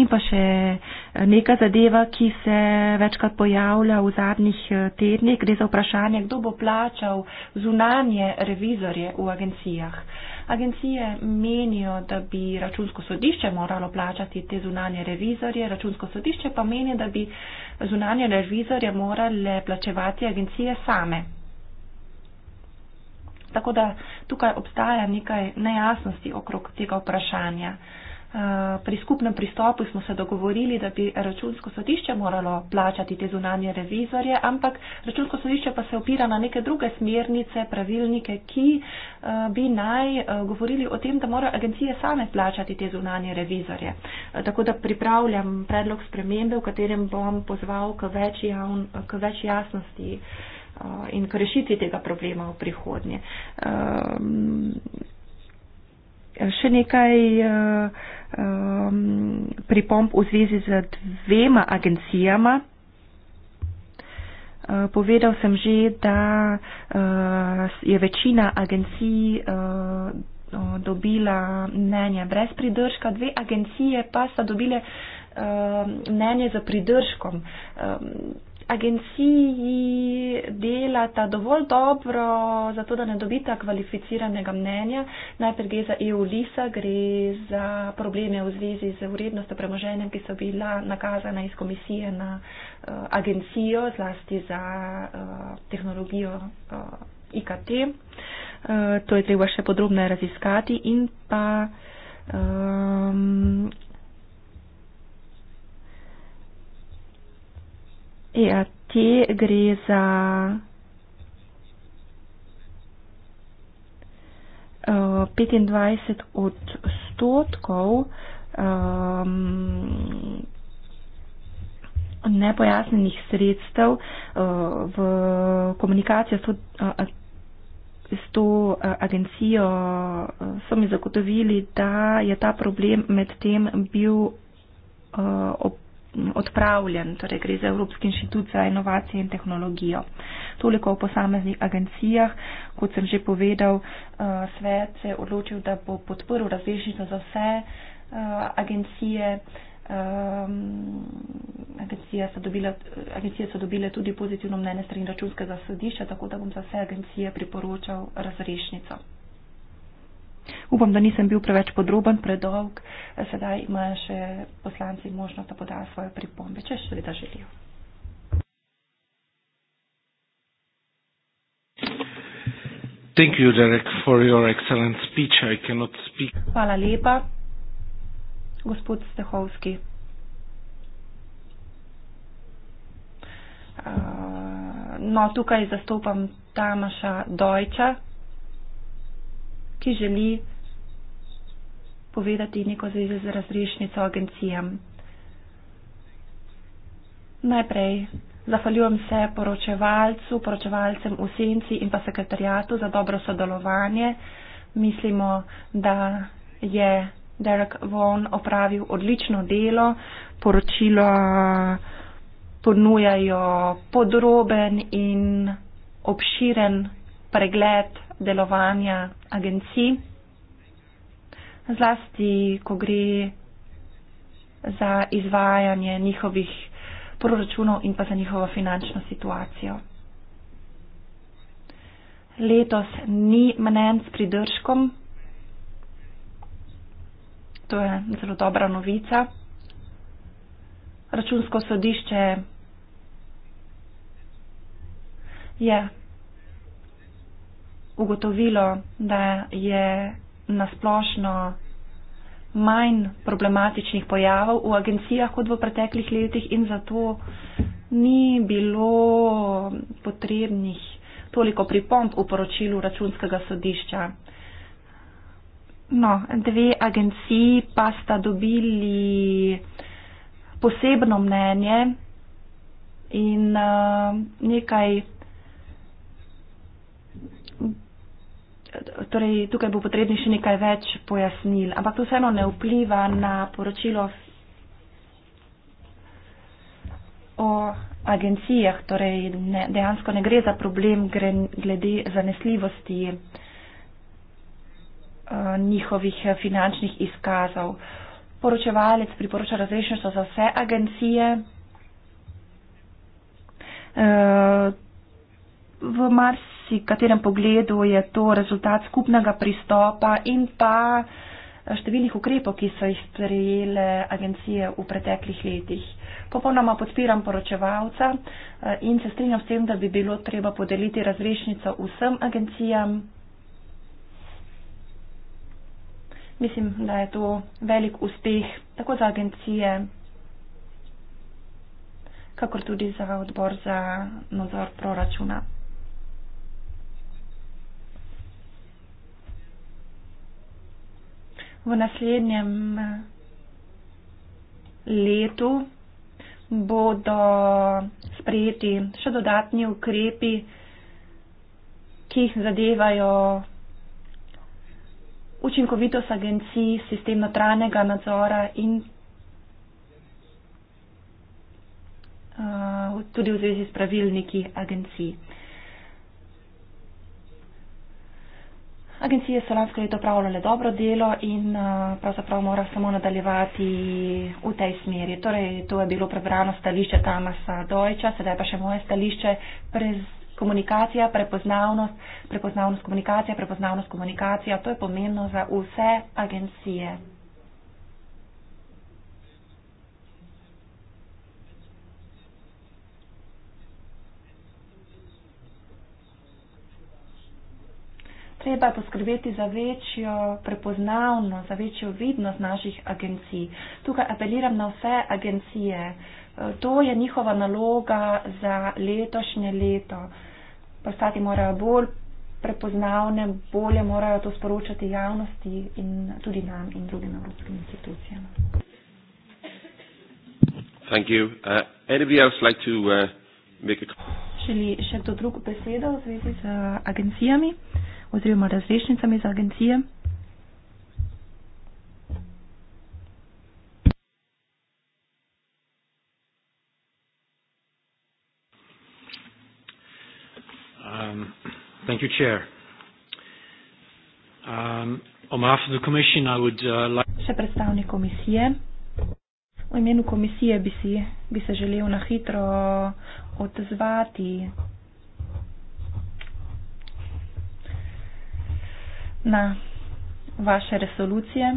In pa še eh, neka zadeva, ki se večkrat pojavlja v zadnjih tednih, gre za vprašanje, kdo bo plačal zunanje revizorje v agencijah. Uh, Agencije menijo, da bi računsko sodišče moralo plačati te zunanje revizorje, računsko sodišče pa meni, da bi zunanje revizorje morale plačevati agencije same. Tako da tukaj obstaja nekaj nejasnosti okrog tega vprašanja. Eh, pri skupnem pristopu smo se dogovorili, da bi računsko sodišče moralo plačati te zunanje revizorje, ampak računsko sodišče pa se opira na neke druge smernice, pravilnike, ki eh, bi naj eh, govorili o tem, da morajo agencije same plačati te zunanje revizorje. Tako da pripravljam predlog spremembe, v katerem bom pozval k več, javn, k več jasnosti in k rešiti tega problema v prihodnje. Še nekaj uh, um, pripomb v zvezi z dvema agencijama. Uh, povedal sem že, da uh, je večina agencij uh, dobila mnenje brez pridržka, dve agencije pa so dobile uh, mnenje za pridržkom. Um, agenciji delata dovolj dobro, zato da ne dobita kvalificiranega mnenja. Najprej gre za EU-LISA, gre za probleme v zvezi z urednostjo premoženja, ki so bila nakazana iz komisije na uh, agencijo, zlasti za uh, tehnologijo uh, eh, IKT. Uh, to je treba še podrobno raziskati in pa. Um, EAT gre za uh, eh, 25 odstotkov um, ehm, nepojasnenih sredstev uh, v komunikacijo s to, uh, s to uh, agencijo. Uh, so mi zagotovili, da je ta problem medtem bil uh, ob odpravljen, torej gre za Evropski inštitut za inovacije in tehnologijo. Toliko o posameznih agencijah, kot sem že povedal, eh, svet se je odločil, da bo podprl različnico za vse eh, agencije. Ehm, agencije so, so dobile tudi pozitivno mnenje strani računskega sodišča, tako da bom za vse agencije priporočal razrešnico. Upam, da nisem bil preveč podroben, predolg. Eh, sedaj imajo še poslanci možnost, da podajo svoje pripombe, če še da želijo. You, Derek, Hvala lepa, gospod Stehovski. Uh, no, tukaj zastopam Tamaša Dojča ki želi povedati neko zveze z razrešnico agencijam. Najprej zahvaljujem se poročevalcu, poročevalcem v senci in pa sekretarijatu za dobro sodelovanje. Mislimo, da je Derek Vaughan opravil odlično delo. Poročilo ponujajo podroben in obširen pregled delovanja agencij, zlasti ko gre za izvajanje njihovih proračunov in pa za njihovo finančno situacijo. Letos ni mnen s pridržkom, to je zelo dobra novica. Računsko sodišče je ugotovilo, da je nasplošno manj problematičnih pojavov v agencijah kot v preteklih letih in zato ni bilo potrebnih toliko pripomp v poročilu računskega sodišča. No, dve agenciji pa sta dobili posebno mnenje in uh, nekaj torej tukaj bo potrebni še nekaj več pojasnil, ampak to vseeno ne vpliva na poročilo o agencijah, torej ne, dejansko ne gre za problem gre, glede zanesljivosti eh, njihovih finančnih izkazov. Poročevalec priporoča razrešnjo za vse agencije. Eh, v mars si katerem pogledu je to rezultat skupnega pristopa in pa številnih ukrepov, ki so jih sprejele agencije v preteklih letih. Popolnoma podpiram poročevalca eh, in se strinjam s tem, da bi bilo treba podeliti razrešnico vsem agencijam. Mislim, da je to velik uspeh tako za agencije, kakor tudi za odbor za nadzor proračuna. v naslednjem eh, letu bodo sprejeti še dodatni ukrepi, ki jih zadevajo učinkovitost agencij, sistem notranjega nadzora in uh, tudi v zvezi s pravilniki agencij. Agencije so lansko leto upravljale dobro delo in eh, pravzaprav mora samo nadaljevati v tej smeri. Torej, to je bilo prebrano stališče Tamasa Dojča, sedaj pa še moje stališče. Prez komunikacija, prepoznavnost, prepoznavnost komunikacija, prepoznavnost komunikacija, to je pomembno za vse agencije. treba poskrbeti za večjo prepoznavnost, za večjo vidnost naših agencij. Tukaj apeliram na vse agencije. E, to je njihova naloga za letošnje leto. Postati morajo bolj prepoznavne, bolje morajo to sporočati javnosti in tudi nam in drugim evropskim institucijam. Uh, uh, Želi še kdo drug besedo v zvezi z agencijami? oziroma razrešnicami za agencije. Um, thank you, Chair. Um, on behalf of the Commission, I would uh, like. Še predstavnik komisije. V imenu komisije bi, si, bi se želel na hitro odzvati na vaše resolucije.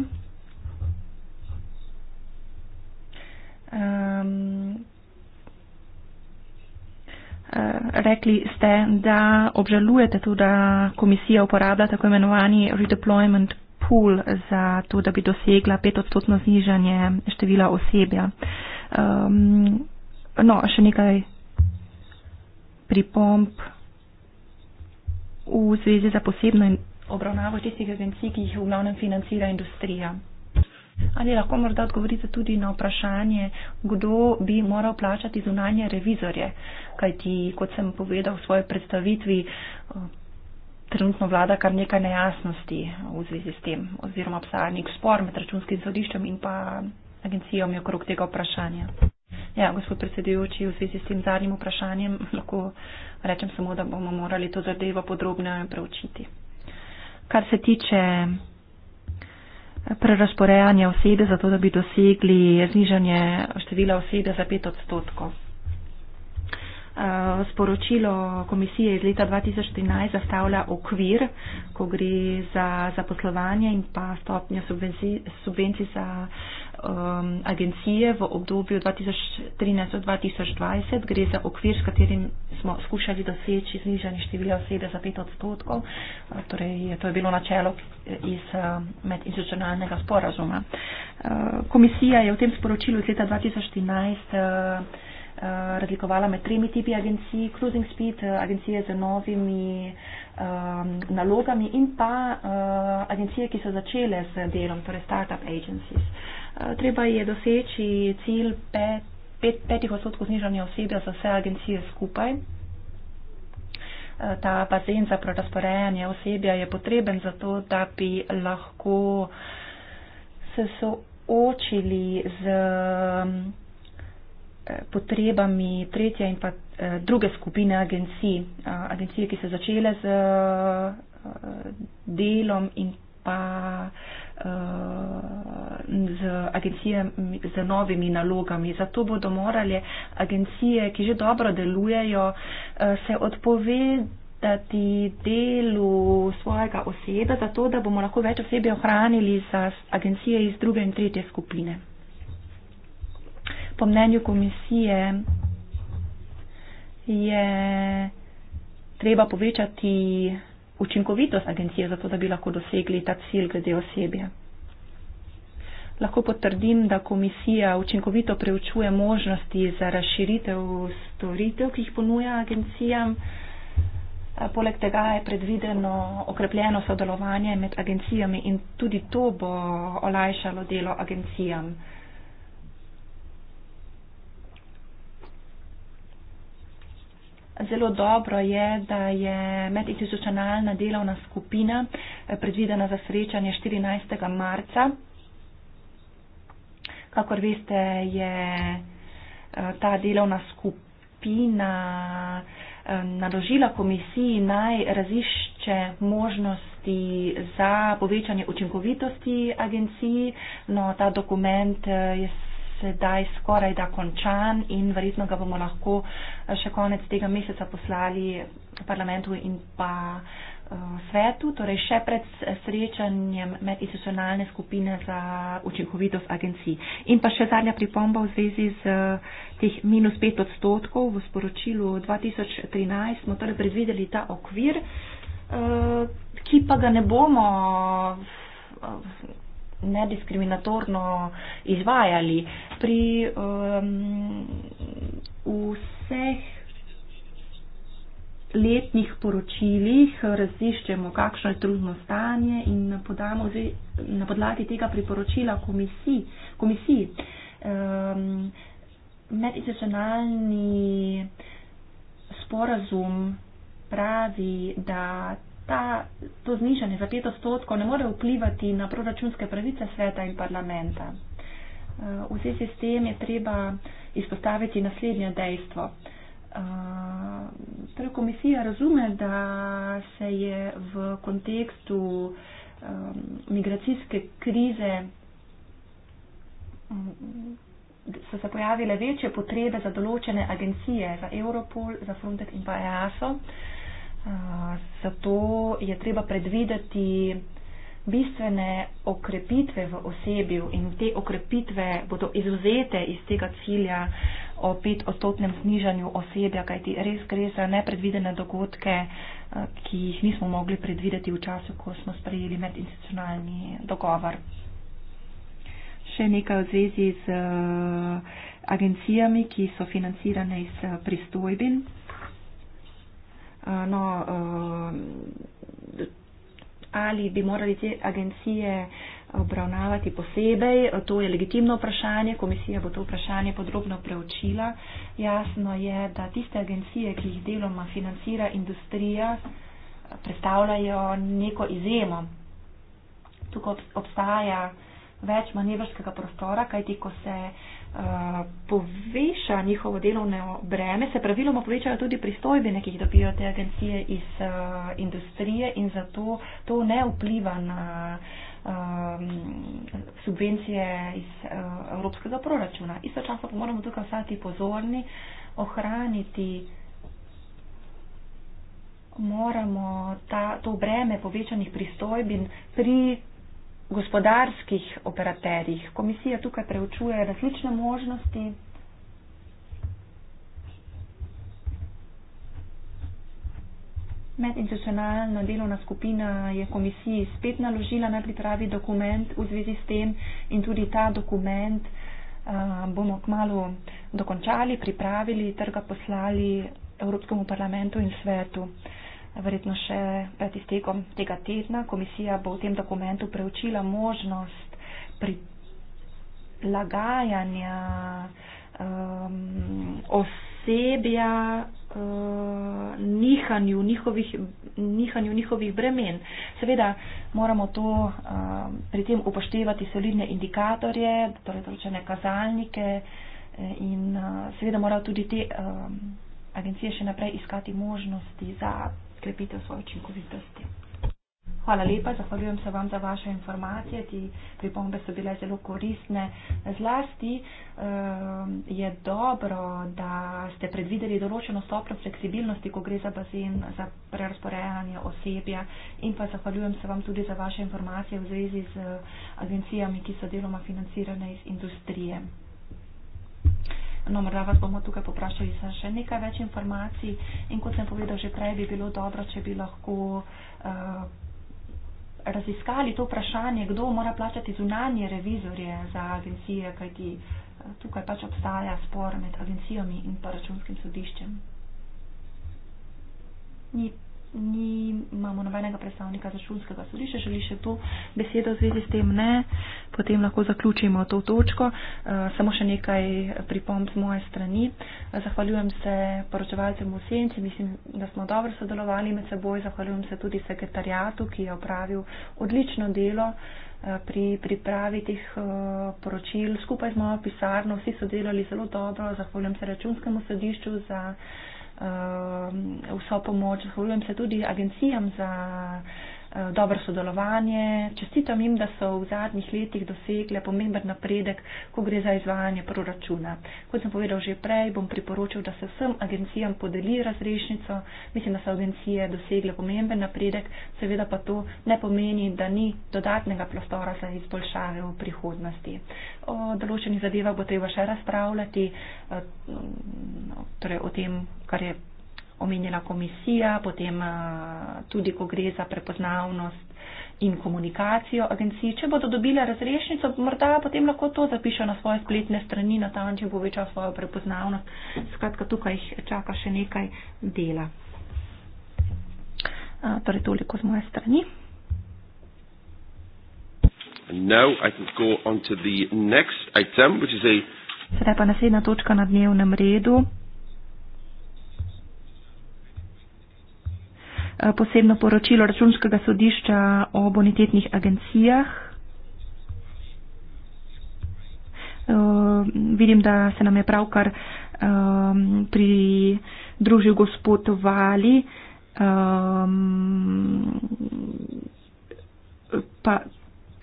Um, Rekli ste, da obžalujete to, da komisija uporablja tako imenovani redeployment pool za to, da bi dosegla petodstotno znižanje števila osebja. Um, no, še nekaj pripomp v zvezi za posebno obravnavo čistih agencij, ki jih v glavnem financira industrija. Ali lahko morda odgovorite tudi na vprašanje, kdo bi moral plačati zunanje revizorje, kajti, kot sem povedal v svoji predstavitvi, eh, trenutno vlada kar nekaj nejasnosti v zvezi s tem oziroma obstaja nek spor med računskim sodiščem in pa agencijom je okrog tega vprašanja. Ja, gospod predsedujoči, v zvezi s tem zadnjim vprašanjem lahko rečem samo, da bomo morali to zadevo podrobno preučiti kar se tiče prerasporejanja osebe, zato da bi dosegli znižanje števila osebe za pet odstotkov. Eh, sporočilo komisije iz leta 2013 zastavlja okvir, ko gre za zaposlovanje in pa stopnjo subvencij za um, agencije v obdobju 2013-2020. Gre za okvir, s katerim smo skušali doseči znižanje števila osebe za pet odstotkov, torej to je bilo načelo eh, iz eh, medinstitucionalnega sporazuma. Eh, komisija je v tem sporočilu iz leta 2013 razlikovala med tremi tipi agencij, cruising speed, agencije z novimi nalogami in pa agencije, ki so začele z delom, torej startup agencies. Treba je doseči cilj pet, pet, petih odstotkov znižanja osebja za vse agencije skupaj ta bazen za prerasporejanje osebja je potreben zato, da bi lahko se soočili z eh, potrebami tretje in pa eh, druge skupine agencij. Eh, agencije, ki so začele z delom in pa z agencijami, z novimi nalogami. Zato bodo morale agencije, ki že dobro delujejo, se odpovedati delu svojega oseba, zato da bomo lahko več osebe ohranili za agencije iz druge in tretje skupine. Po mnenju komisije je treba povečati učinkovitost agencije za to, da bi lahko dosegli ta cilj glede osebja. Lahko potrdim, da komisija učinkovito preučuje možnosti za razširitev storitev, ki jih ponuja agencijam. Poleg tega je predvideno okrepljeno sodelovanje med agencijami in tudi to bo olajšalo delo agencijam. Zelo dobro je, da je medinstitucionalna delovna skupina eh, predvidena za srečanje 14. marca. Kakor veste, je eh, ta delovna skupina eh, naložila komisiji naj razišče možnosti za povečanje učinkovitosti agenciji. No, ta dokument jaz sedaj skoraj da končan in verjetno ga bomo lahko eh, še konec tega meseca poslali parlamentu in pa eh, svetu, torej še pred eh, srečanjem med institucionalne skupine za učinkovitost agencij. In pa še zadnja pripomba v zvezi z teh minus pet odstotkov v sporočilu 2013 smo torej predvideli ta okvir, ki pa ga ne bomo nediskriminatorno izvajali. Pri um, vseh letnih poročilih raziščemo, kakšno je trudno stanje in podamo zve, na podlagi tega priporočila komisiji. komisiji. Um, medicinalni sporazum pravi, da ta, to znižanje za pet odstotkov ne more vplivati na proračunske pravice sveta in parlamenta. Eh, v vsej sistem je treba izpostaviti naslednje dejstvo. Eh, torej, komisija razume, da se je v kontekstu eh, migracijske krize mm, so se pojavile večje potrebe za določene agencije, za Europol, za Frontex in pa EASO. Uh, zato je treba predvideti bistvene okrepitve v osebju in te okrepitve bodo izuzete iz tega cilja o petostotnem znižanju osebja, kajti res gre za nepredvidene dogodke, ki jih nismo mogli predvideti v času, ko smo sprejeli medinstitucionalni dogovor. Še nekaj v zvezi z agencijami, ki so financirane iz pristojbin. Eh, no, eh, ali bi morali te agencije obravnavati posebej. To je legitimno vprašanje, komisija bo to vprašanje podrobno preučila. Jasno je, da tiste agencije, ki jih deloma financira industrija, predstavljajo neko izjemo. Tukaj obstaja več manevrskega prostora, kajti ko se uh, Eh, poveša njihovo delovno breme, se praviloma povečajo tudi pristojbine, ki jih dobijo te agencije iz uh, industrije in zato to ne vpliva na um, subvencije iz uh, evropskega proračuna. Istočasno pa moramo tukaj ostati pozorni, ohraniti moramo ta, to breme povečanih pristojbin pri gospodarskih operaterjih. Komisija tukaj preučuje različne možnosti. Medinstitucionalna delovna skupina je komisiji spet naložila naj pripravi dokument v zvezi s tem in tudi ta dokument uh, bomo kmalo dokončali, pripravili ter ga poslali Evropskemu parlamentu in svetu. Uh, verjetno še pred iztekom tega tedna komisija bo v tem dokumentu preučila možnost prilagajanja um, osebja uh, nihanju, njihovih, nihanju njihovih bremen. Seveda moramo to um, pri tem upoštevati solidne indikatorje, torej določene kazalnike eh, in uh, seveda morajo tudi te um, agencije še naprej iskati možnosti za podkrepitev svojih učinkovitosti. Hvala lepa, zahvaljujem se vam za vaše informacije. Ti pripombe so bile zelo koristne. Zlasti ehm, je dobro, da ste predvideli določeno stopno fleksibilnosti, ko gre za bazen za prerasporejanje osebja. In pa zahvaljujem se vam tudi za vaše informacije v zvezi z eh, agencijami, ki so deloma financirane iz industrije. No, morda vas bomo tukaj poprašali za še nekaj več informacij in kot sem povedal že prej, bi bilo dobro, če bi lahko eh, raziskali to vprašanje, kdo mora plačati zunanje revizorje za agencije, kajti eh, tukaj pač obstaja spor med agencijami in pa računskim sodiščem. Ni ni, imamo nobenega predstavnika zašunskega sodišča, želi še to besedo v zvezi s tem ne, potem lahko zaključimo to točko. Eh, samo še nekaj pripomb z moje strani. Eh, zahvaljujem se poročevalcem v senci, mislim, da smo dobro sodelovali med seboj, zahvaljujem se tudi sekretarjatu, ki je opravil odlično delo eh, pri pripravi teh poročil. Skupaj smo pisarno, vsi so delali zelo dobro, zahvaljujem se računskemu sodišču za uh, vso pomoč, zahvaljujem se tudi agencijam za Eh, dobro sodelovanje. Čestitam jim, da so v zadnjih letih dosegle pomemben napredek, ko gre za izvajanje proračuna. Kot sem povedal že prej, bom priporočil, da se vsem agencijam podeli razrešnico. Mislim, da so agencije dosegle pomemben napredek, seveda pa to ne pomeni, da ni dodatnega prostora za izboljšave v prihodnosti. O določenih zadevah bo treba še razpravljati, eh, no, torej o tem, kar je omenjena komisija, potem eh, tudi, ko gre za prepoznavnost in komunikacijo agencij. Če bodo dobile razrešnico, morda potem lahko to zapišejo na svoje spletne strani, na ta način povečajo svojo prepoznavnost. Skratka, tukaj jih čaka še nekaj dela. A, eh, torej, toliko z moje strani. Sedaj pa naslednja točka na dnevnem redu. Eh, posebno poročilo računskega sodišča o bonitetnih agencijah. Uh, vidim, da se nam je pravkar um, pridružil gospod Vali. Um, pa,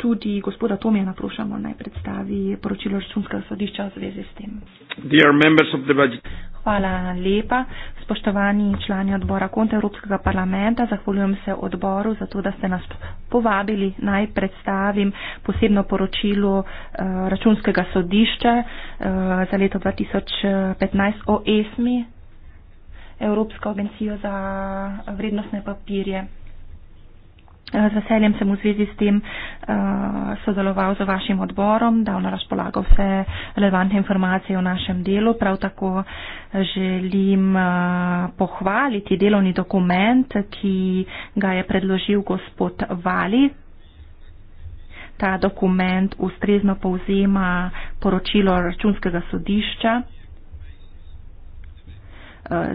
tudi gospoda Tomija naprošamo naj predstavi poročilo računskega sodišča v zvezi s tem. Hvala lepa. Spoštovani člani odbora konta Evropskega parlamenta, zahvaljujem se odboru za to, da ste nas povabili. Naj predstavim posebno poročilo eh, računskega sodišča eh, za leto 2015 o ESMI, Evropsko agencijo za vrednostne papirje. Eh, z veseljem sem v zvezi s tem eh, sodeloval z vašim odborom, dal na razpolago vse relevantne informacije o našem delu. Prav tako eh, želim pohvaliti delovni dokument, ki ga je predložil gospod Vali. Ta dokument ustrezno povzema poročilo računskega sodišča.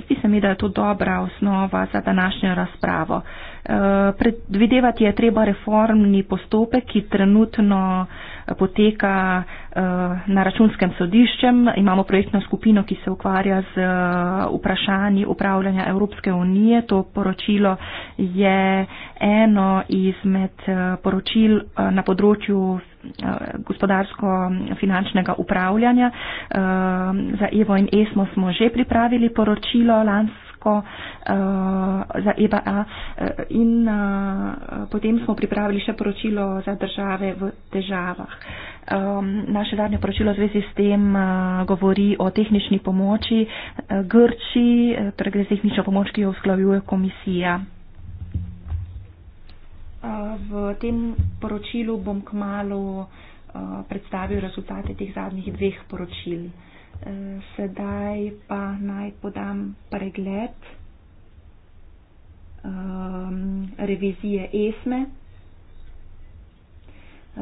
Zdi se mi, da je to dobra osnova za današnjo razpravo. Predvidevati je treba reformni postopek, ki trenutno poteka eh, na računskem sodiščem. Imamo projektno skupino, ki se ukvarja z eh, vprašanji upravljanja Evropske unije. To poročilo je eno izmed eh, poročil na področju gospodarsko-finančnega upravljanja. Za Evo in Esmo smo že pripravili poročilo lansko dejansko uh, za EBA eh, in uh, potem smo pripravili še poročilo za države v težavah. Um, naše zadnje poročilo v zvezi s tem uh, govori o tehnični pomoči uh, Grči, uh, torej gre za tehnično pomoč, ki jo usklajuje komisija. V tem poročilu bom kmalo uh, predstavil rezultate teh zadnjih dveh poročil. Sedaj pa naj podam pregled um, revizije ESME.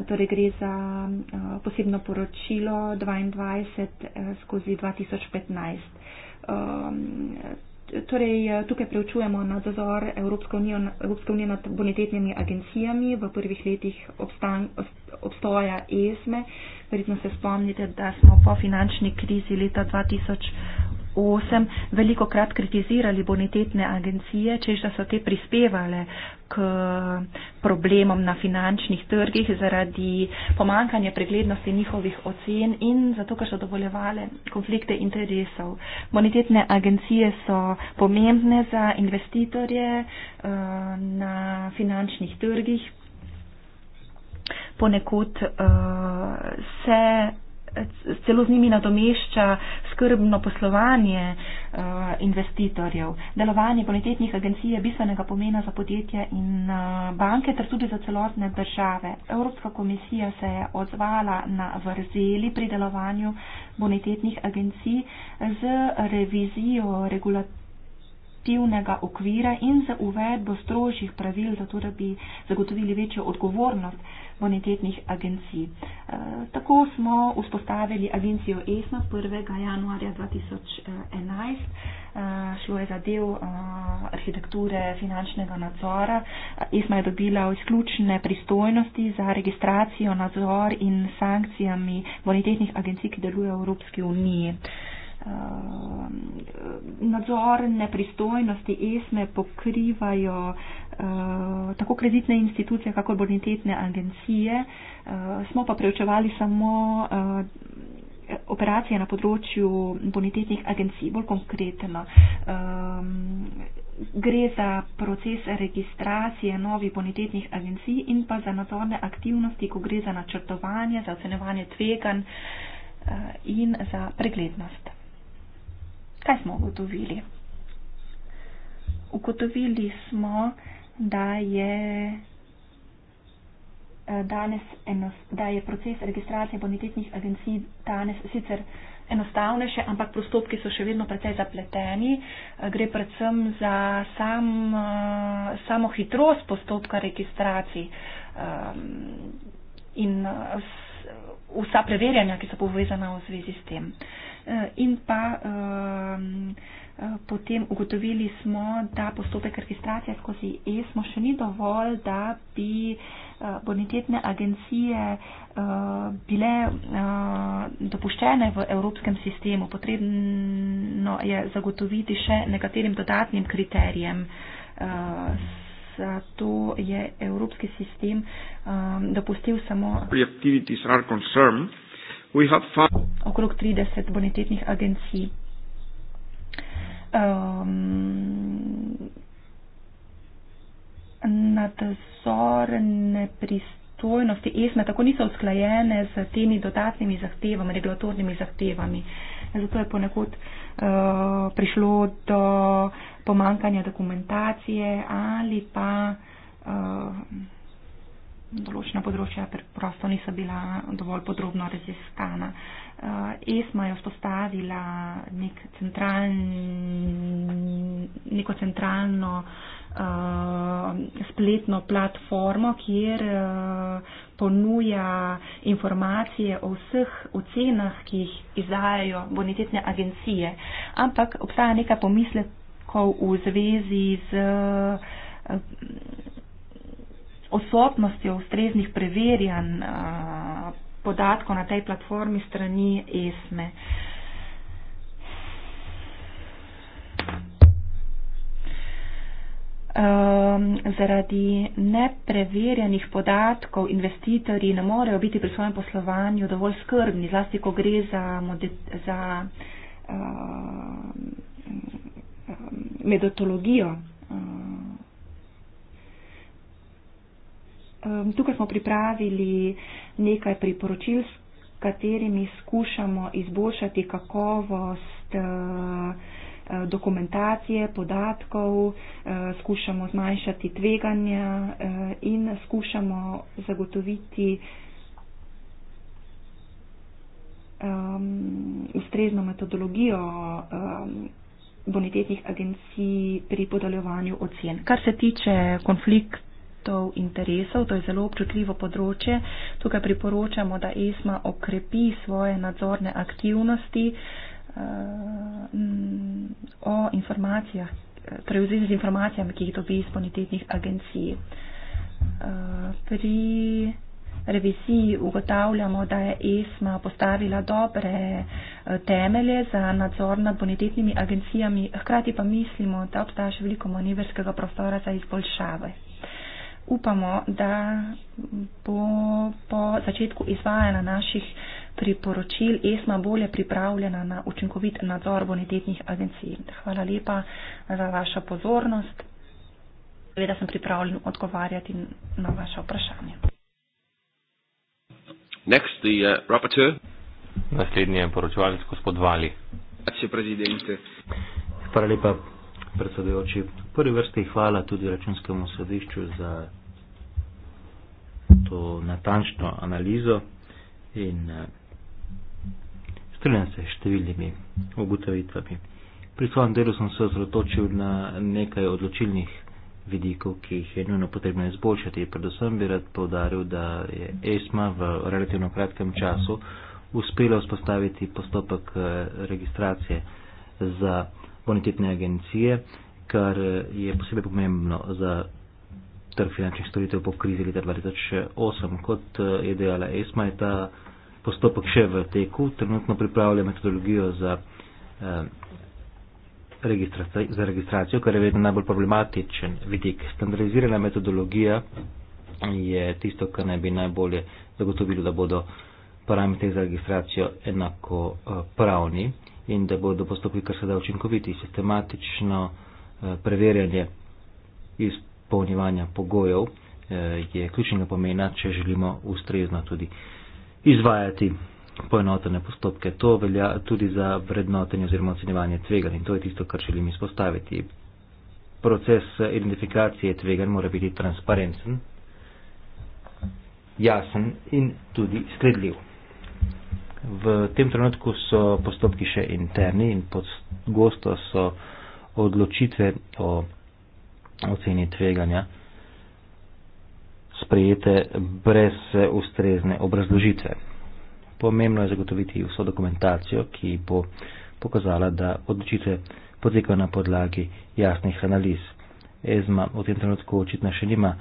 Torej gre za uh, posebno poročilo 22 eh, skozi 2015. Um, torej, eh, tukaj preučujemo nadzor Evropske unije, Evropske unije nad bonitetnimi agencijami v prvih letih obstan, obstoja ESME. E. Verjetno se spomnite, da smo po finančni krizi leta 2000. 2008 veliko krat kritizirali bonitetne agencije, čež da so te prispevale k problemom na finančnih trgih zaradi pomankanja preglednosti njihovih ocen in zato, ker so dovoljevale konflikte interesov. Bonitetne agencije so pomembne za investitorje uh, na finančnih trgih. Ponekud uh, eh, se celo z njimi nadomešča skrbno poslovanje eh, investitorjev. Delovanje bonitetnih agencij je bistvenega pomena za podjetja in eh, banke ter tudi za celotne države. Evropska komisija se je odzvala na vrzeli pri delovanju bonitetnih agencij z revizijo regulatorjev normativnega okvira in za uvedbo strožjih pravil, zato da bi zagotovili večjo odgovornost bonitetnih agencij. E, tako smo vzpostavili agencijo ESMA 1. januarja 2011. E, eh, šlo je za del e, arhitekture finančnega nadzora. ESMA je dobila izključne pristojnosti za registracijo, nadzor in sankcijami bonitetnih agencij, ki delujejo v Evropski uniji. E, Ehm, nadzorne pristojnosti ESME pokrivajo eh, tako kreditne institucije, kakor bonitetne agencije. Eh, smo pa preučevali samo eh, operacije na področju bonitetnih agencij, bolj konkretno. Ehm, gre za proces registracije novih bonitetnih agencij in pa za nadzorne aktivnosti, ko gre za načrtovanje, za ocenevanje tvegan in za preglednost. Kaj smo ugotovili? Ugotovili smo, da je, eh, danes enos, da je proces registracije bonitetnih agencij danes sicer enostavnejši, ampak postopki so še vedno precej zapleteni. Eh, gre predvsem za sam, eh, samo hitrost postopka registracij ehm, in vsa preverjanja, ki so povezana v zvezi s tem. Eh, in pa ehm, eh, potem ugotovili smo, da postopek registracije skozi ESMO še ni dovolj, da bi eh, bonitetne agencije bile dopuščene v evropskem sistemu. Potrebno je zagotoviti še nekaterim dodatnim kriterijem. Zato je evropski sistem dopustil samo. Pri aktivitetih, ki so concerned okrog 30 bonitetnih agencij. Um, nadzorne pristojnosti ESME e tako niso usklajene z temi dodatnimi zahtevami, regulatornimi zahtevami. Zato je ponekud uh, prišlo do pomankanja dokumentacije ali pa uh, določena področja preprosto niso bila dovolj podrobno raziskana. Uh, ESMA je vzpostavila nek centralni, neko centralno uh, spletno platformo, kjer uh, ponuja informacije o vseh ocenah, ki jih izdajajo bonitetne agencije. Ampak obstaja nekaj pomislekov v zvezi z. Uh, odsotnostjo ustreznih preverjanj podatkov na tej platformi strani ESME. Um, zaradi nepreverjenih podatkov investitorji ne morejo biti pri svojem poslovanju dovolj skrbni, zlasti ko gre za, za uh, metodologijo. Uh, Ehm, tukaj smo pripravili nekaj priporočil, s katerimi skušamo izboljšati kakovost eh, eh, dokumentacije, podatkov, eh, skušamo zmanjšati tveganja in skušamo zagotoviti ehm, ustrezno metodologijo ehm, bonitetnih agencij pri podaljevanju ocen. Kar se tiče konflikt konfliktov interesov. To je zelo občutljivo področje. Tukaj priporočamo, da ESMA okrepi svoje nadzorne aktivnosti eh, o informacijah, torej v zvezi z informacijami, ki jih dobi iz bonitetnih agencij. Eh, pri reviziji ugotavljamo, da je ESMA postavila dobre eh, temelje za nadzor nad bonitetnimi agencijami, hkrati pa mislimo, da obstaja še veliko manevrskega prostora za izboljšave upamo, da bo po začetku izvajanja naših priporočil ESMA bolje pripravljena na učinkovit nadzor bonitetnih agencij. Hvala lepa za vašo pozornost. Seveda sem pripravljen odgovarjati na vaše vprašanje. Next, the, uh, Naslednji je poročevalec, gospod Vali. Hvala lepa, predsedujoči. V prvi vrsti hvala tudi računskemu sodišču za to natančno analizo in eh, strinjam se s številnimi ugotovitvami. Pri svojem delu sem se ozrotočil na nekaj odločilnih vidikov, ki jih je nujno potrebno izboljšati. Predvsem bi rad povdaril, da je ESMA v relativno kratkem času uspela vzpostaviti postopek eh, registracije za bonitetne agencije, kar je posebej pomembno za trg finančnih storitev po krizi leta 2008. Kot eh, je dejala ESMA, je ta postopek še v teku. Trenutno pripravlja metodologijo za, eh, za registracijo, kar je vedno najbolj problematičen vidik. Standardizirana metodologija je tisto, kar naj bi najbolje zagotovilo, da bodo parametri za registracijo enako eh, pravni in da bodo postopki kar se da učinkoviti, sistematično eh, preverjanje izpolnjevanja pogojev eh, je ključnega pomena, če želimo ustrezno tudi izvajati poenotene postopke. To velja tudi za vrednotenje oziroma ocenjevanje tveganj in to je tisto, kar želim izpostaviti. Proces eh, identifikacije tveganj mora biti transparenten, jasen in tudi skredljiv. V tem trenutku so postopki še interni in pogosto so odločitve o oceni tveganja sprejete brez ustrezne obrazložitve. Pomembno je zagotoviti vso dokumentacijo, ki bo pokazala, da odločitve potekajo na podlagi jasnih analiz. ESMA v tem trenutku očitno še nima uh,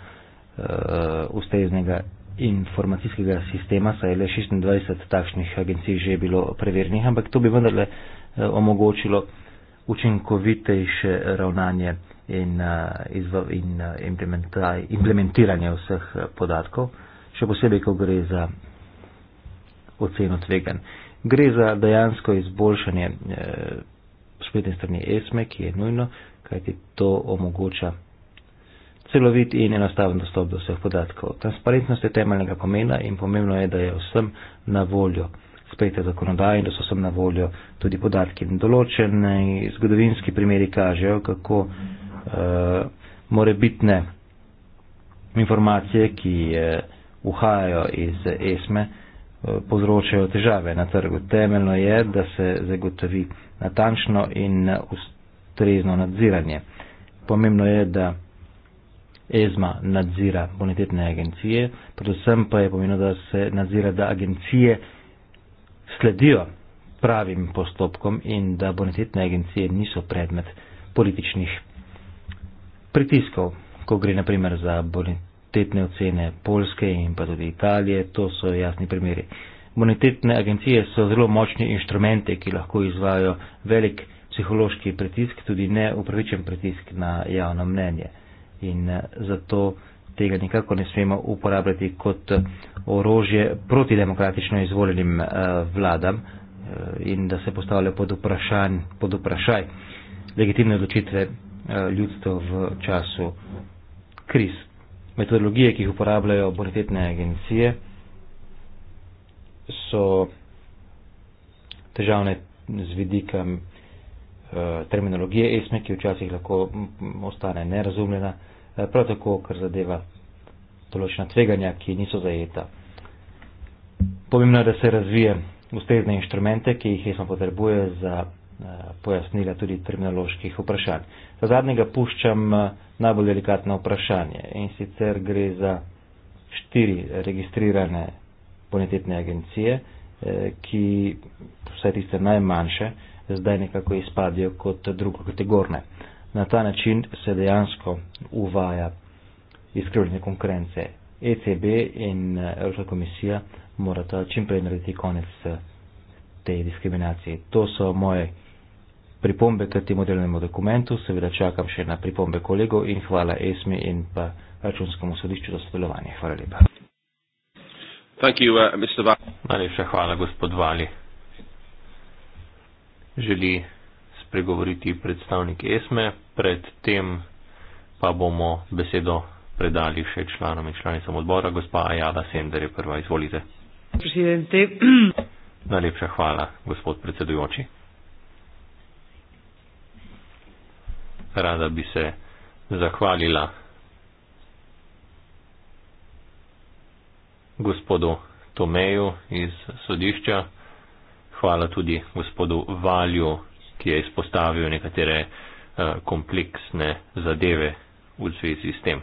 ustreznega informacijskega sistema, saj je le 26 takšnih agencij že bilo preverjenih, ampak to bi vendarle eh, omogočilo učinkovitejše ravnanje in, eh, in eh, implementiranje vseh podatkov, še posebej, ko gre za oceno tvegan. Gre za dejansko izboljšanje spletne strani ESME, ki je nujno, kajti to omogoča celovit in enostaven dostop do vseh podatkov. Transparentnost je temeljnega pomena in pomembno je, da je vsem na voljo spletne zakonodaje in da so vsem na voljo tudi podatki. In določene zgodovinski primeri kažejo, kako uh, eh, more bitne informacije, ki uh, uhajajo iz eh, ESME, uh, povzročajo težave na trgu. Temeljno je, da se zagotovi natančno in ustrezno nadziranje. Pomembno je, da ESMA nadzira bonitetne agencije, predvsem pa je pomenilo, da se nadzira, da agencije sledijo pravim postopkom in da bonitetne agencije niso predmet političnih pritiskov, ko gre naprimer za bonitetne ocene Polske in pa tudi Italije, to so jasni primeri. Bonitetne agencije so zelo močni inštrumenti, ki lahko izvajo velik psihološki pritisk, tudi neupravičen pritisk na javno mnenje in eh, zato tega nikako ne smemo uporabljati kot eh, orožje proti demokratično izvoljenim eh, vladam in da se postavlja pod, vprašanj, pod vprašaj legitimne odločitve ljudstva v času kriz. Metodologije, ki jih uporabljajo bonitetne agencije, so težavne z vidika terminologije ESME, ki včasih lahko ostane nerazumljena. Eh, prav tako, kar zadeva določena tveganja, ki niso zajeta. Pomembno je, da se razvije ustrezne inštrumente, ki jih ESMA potrebuje za eh, pojasnila tudi terminoloških vprašanj. Za zadnjega puščam eh, najbolj delikatno vprašanje in sicer gre za štiri registrirane bonitetne agencije, ki vse tiste najmanjše zdaj nekako izpadijo kot drugo kategorne na ta način se dejansko uvaja iskrivljenje konkurence. ECB in eh, Evropska komisija morata čimprej narediti konec eh, tej diskriminaciji. To so moje pripombe k temu delovnemu dokumentu, seveda čakam še na pripombe kolegov in hvala ESMI in pa računskemu sodišču za sodelovanje. Hvala lepa. You, uh, Najlepša hvala, gospod Vali. Želi spregovoriti predstavnik ESME, predtem pa bomo besedo predali še članom in članicam odbora. Gospa Ajala Sender je prva, izvolite. Najlepša hvala, gospod predsedujoči. Rada bi se zahvalila gospodu Tomeju iz sodišča. Hvala tudi gospodu Valju ki je izpostavil nekatere eh, kompleksne zadeve v zvezi s tem.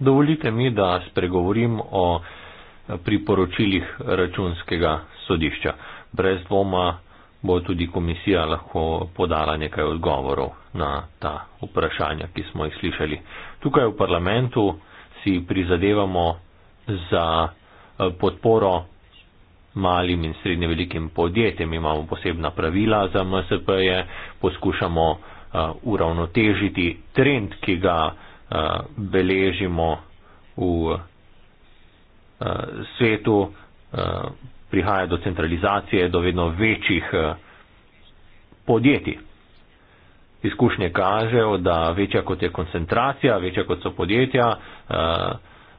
Dovolite mi, da spregovorim o eh, priporočilih računskega sodišča. Brez dvoma bo tudi komisija lahko podala nekaj odgovorov na ta vprašanja, ki smo jih slišali. Tukaj v parlamentu si prizadevamo za eh, podporo malim in srednje velikim podjetjem imamo posebna pravila za MSP-je, poskušamo uh, uravnotežiti trend, ki ga uh, beležimo v uh, svetu, uh, prihaja do centralizacije, do vedno večjih uh, podjetij. Izkušnje kažejo, da večja kot je koncentracija, večja kot so podjetja, uh,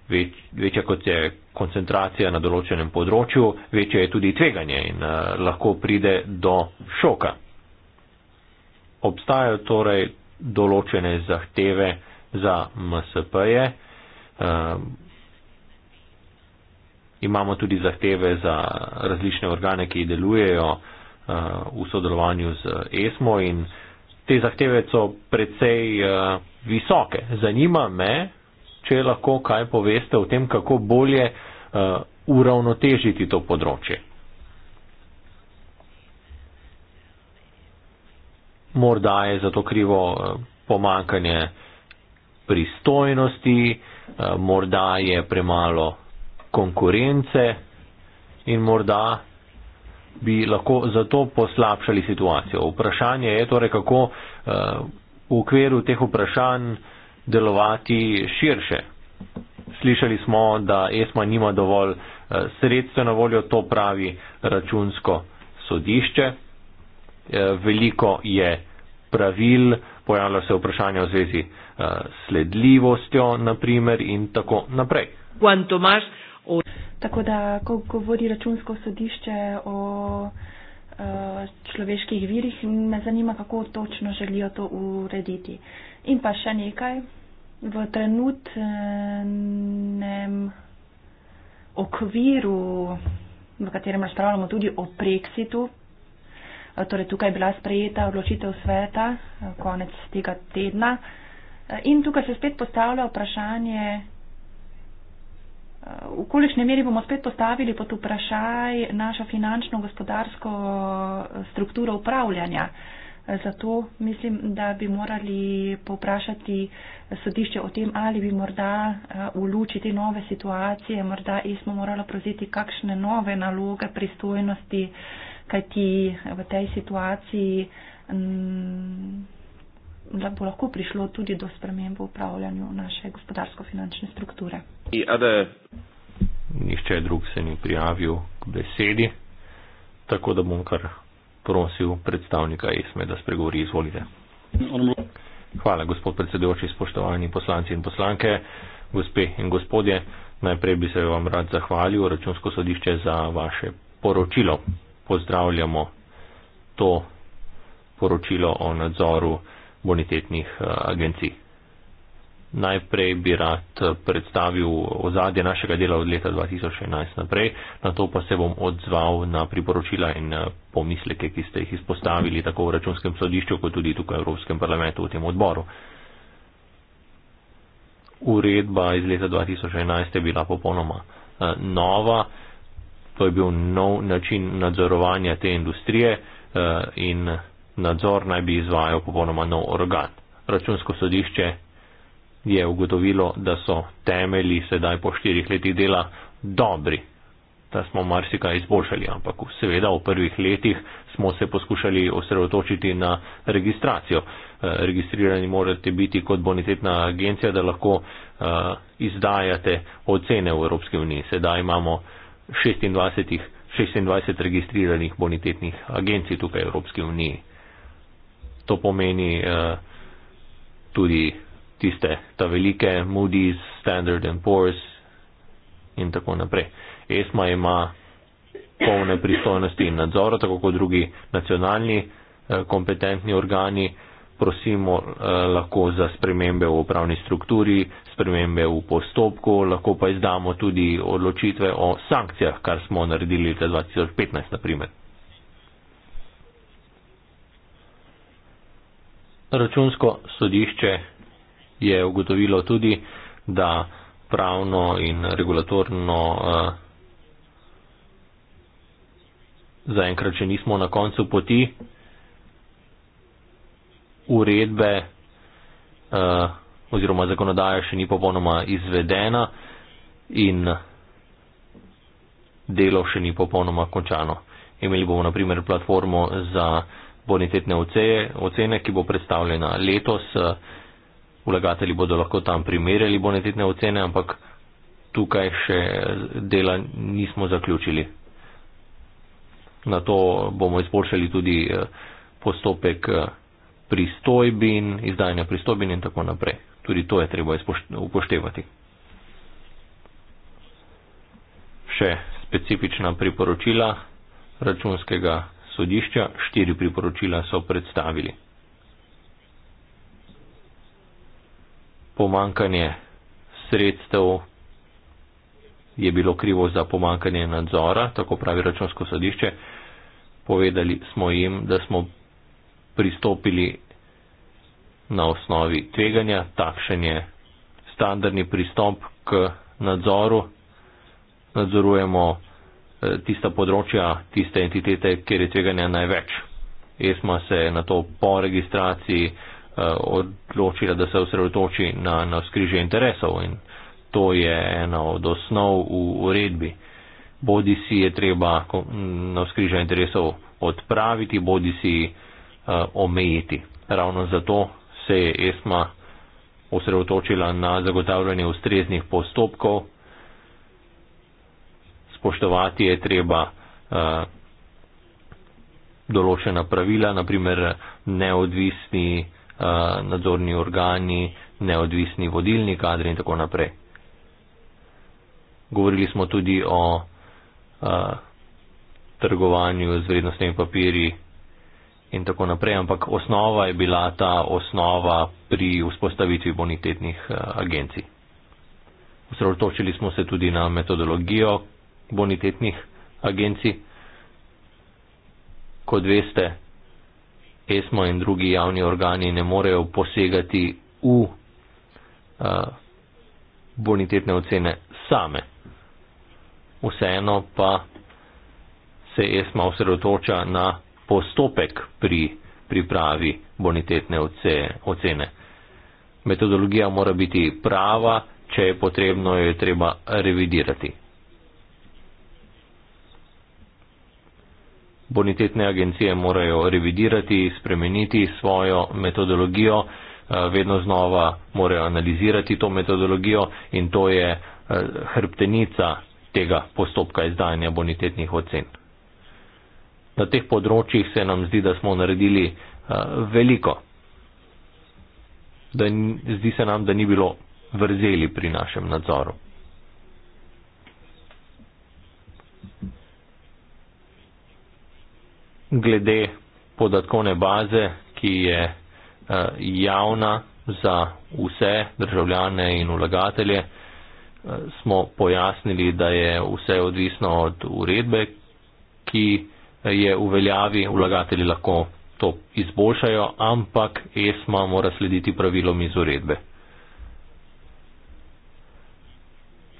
več, večja kot je koncentracija na določenem področju, večje je tudi tveganje in uh, lahko pride do šoka. Obstajajo torej določene zahteve za MSP-je. Uh, eh, imamo tudi zahteve za različne organe, ki delujejo uh, v sodelovanju z ESMO in te zahteve so precej uh, visoke. Zanima me, če lahko kaj poveste o tem, kako bolje uh, uravnotežiti to področje. Morda je zato krivo eh, pomankanje pristojnosti, eh, morda je premalo konkurence in morda bi lahko zato poslabšali situacijo. Vprašanje je torej, kako v okviru teh vprašanj delovati širše. Slišali smo, da ESMA nima dovolj eh, sredstva na voljo, to pravi računsko sodišče. Eh, veliko je pravil, pojavlja se vprašanje v zvezi s eh, sledljivostjo, naprimer, in tako naprej. Tako da, ko govori računsko sodišče o človeških virih, me zanima, kako točno želijo to urediti. In pa še nekaj, v trenutnem okviru, v katerem razpravljamo tudi o Brexitu, torej tukaj je bila sprejeta odločitev sveta konec tega tedna. In tukaj se spet postavlja vprašanje, v kolikšni meri bomo spet postavili pod vprašaj našo finančno-gospodarsko strukturo upravljanja. Zato mislim, da bi morali povprašati sodišče o tem, ali bi morda eh, v luči te nove situacije, morda ISMO moralo prevzeti kakšne nove naloge, pristojnosti, kajti v tej situaciji m, mm, bo lahko prišlo tudi do spremembe v upravljanju naše gospodarsko-finančne strukture. Nihče drug se ni prijavil k besedi, tako da bom kar prosil predstavnika ESME, da spregovori. Izvolite. Hvala, gospod predsedujoči, spoštovani poslanci in poslanke, gospe in gospodje. Najprej bi se vam rad zahvalil, računsko sodišče, za vaše poročilo. Pozdravljamo to poročilo o nadzoru bonitetnih eh, agencij. Najprej bi rad predstavil ozadje našega dela od leta 2011 naprej, na to pa se bom odzval na priporočila in eh, pomisleke, ki ste jih izpostavili tako v računskem sodišču, kot tudi tukaj v Evropskem parlamentu v tem odboru. Uredba iz leta 2011 je bila popolnoma eh, nova, to je bil nov način nadzorovanja te industrije eh, in nadzor naj bi izvajal popolnoma nov organ. Računsko sodišče je ugotovilo, da so temelji sedaj po štirih letih dela dobri, da smo marsikaj izboljšali, ampak seveda v prvih letih smo se poskušali osredotočiti na registracijo. Eh, registrirani morate biti kot bonitetna agencija, da lahko eh, izdajate ocene v Evropski uniji. Sedaj imamo 26, 26 registriranih bonitetnih agencij tukaj v Evropski uniji. To pomeni eh, tudi tiste, ta velike Moody's, Standard and Poor's in tako naprej. ESMA ima polne pristojnosti in nadzora, tako kot drugi nacionalni eh, kompetentni organi. Prosimo eh, lahko za spremembe v upravni strukturi, spremembe v postopku, lahko pa izdamo tudi odločitve o sankcijah, kar smo naredili za 2015, naprimer. Računsko sodišče je ugotovilo tudi, da pravno in regulatorno eh, zaenkrat še nismo na koncu poti. Uredbe eh, oziroma zakonodaja še ni popolnoma izvedena in delo še ni popolnoma končano. Imeli bomo na primer platformo za bonitetne ocene, ki bo predstavljena letos. Uh, vlagatelji bodo lahko tam primerjali bonitetne ocene, ampak tukaj še dela nismo zaključili. Na to bomo izboljšali tudi eh, postopek eh, pristojbin, izdajanja pristojbin in tako naprej. Tudi to je treba upoštevati. Še specifična priporočila računskega sodišča, štiri priporočila so predstavili. pomankanje sredstev je bilo krivo za pomankanje nadzora, tako pravi računsko sodišče. Povedali smo jim, da smo pristopili na osnovi tveganja, takšen je standardni pristop k nadzoru. Nadzorujemo eh, tista področja, tiste entitete, kjer je tveganja največ. ESMA se je na to po registraciji Eh, odločila, da se osredotoči na, na skrižje interesov in to je ena od osnov v uredbi. Bodi si je treba na skrižje interesov odpraviti, bodi si uh, omejiti. Ravno zato se je ESMA osredotočila na zagotavljanje ustreznih postopkov. Spoštovati je treba uh, določena pravila, naprimer neodvisni nadzorni organi, neodvisni vodilni kadri in tako naprej. Govorili smo tudi o trgovanju z vrednostnimi papiri in tako naprej, ampak osnova je bila ta osnova pri vzpostavitvi bonitetnih agencij. Osredotočili smo se tudi na metodologijo bonitetnih agencij. Kot veste, ESMO in drugi javni organi ne morejo posegati v uh, bonitetne ocene same. Vseeno pa se ESMA osredotoča na postopek pri pripravi bonitetne ocene. Metodologija mora biti prava, če je potrebno, jo je treba revidirati. Bonitetne agencije morajo revidirati, spremeniti svojo metodologijo, eh, vedno znova morajo analizirati to metodologijo in to je eh, hrbtenica tega postopka izdajanja bonitetnih ocen. Na teh področjih se nam zdi, da smo naredili eh, veliko. Da, zdi se nam, da ni bilo vrzeli pri našem nadzoru glede podatkovne baze, ki je eh, javna za vse državljane in ulagatelje, eh, smo pojasnili, da je vse odvisno od uredbe, ki je v veljavi, ulagatelji lahko to izboljšajo, ampak ESMA mora slediti pravilom iz uredbe.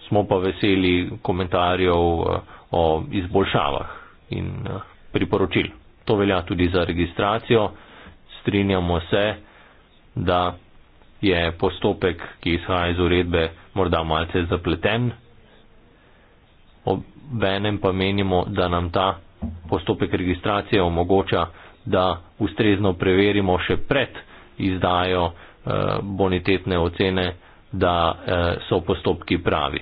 Smo pa veseli komentarjev eh, o izboljšavah in priporočil. To velja tudi za registracijo. Strinjamo se, da je postopek, ki izhaja iz uredbe, morda malce zapleten. Obenem pa menimo, da nam ta postopek registracije omogoča, da ustrezno preverimo še pred izdajo eh, bonitetne ocene, da eh, so postopki pravi.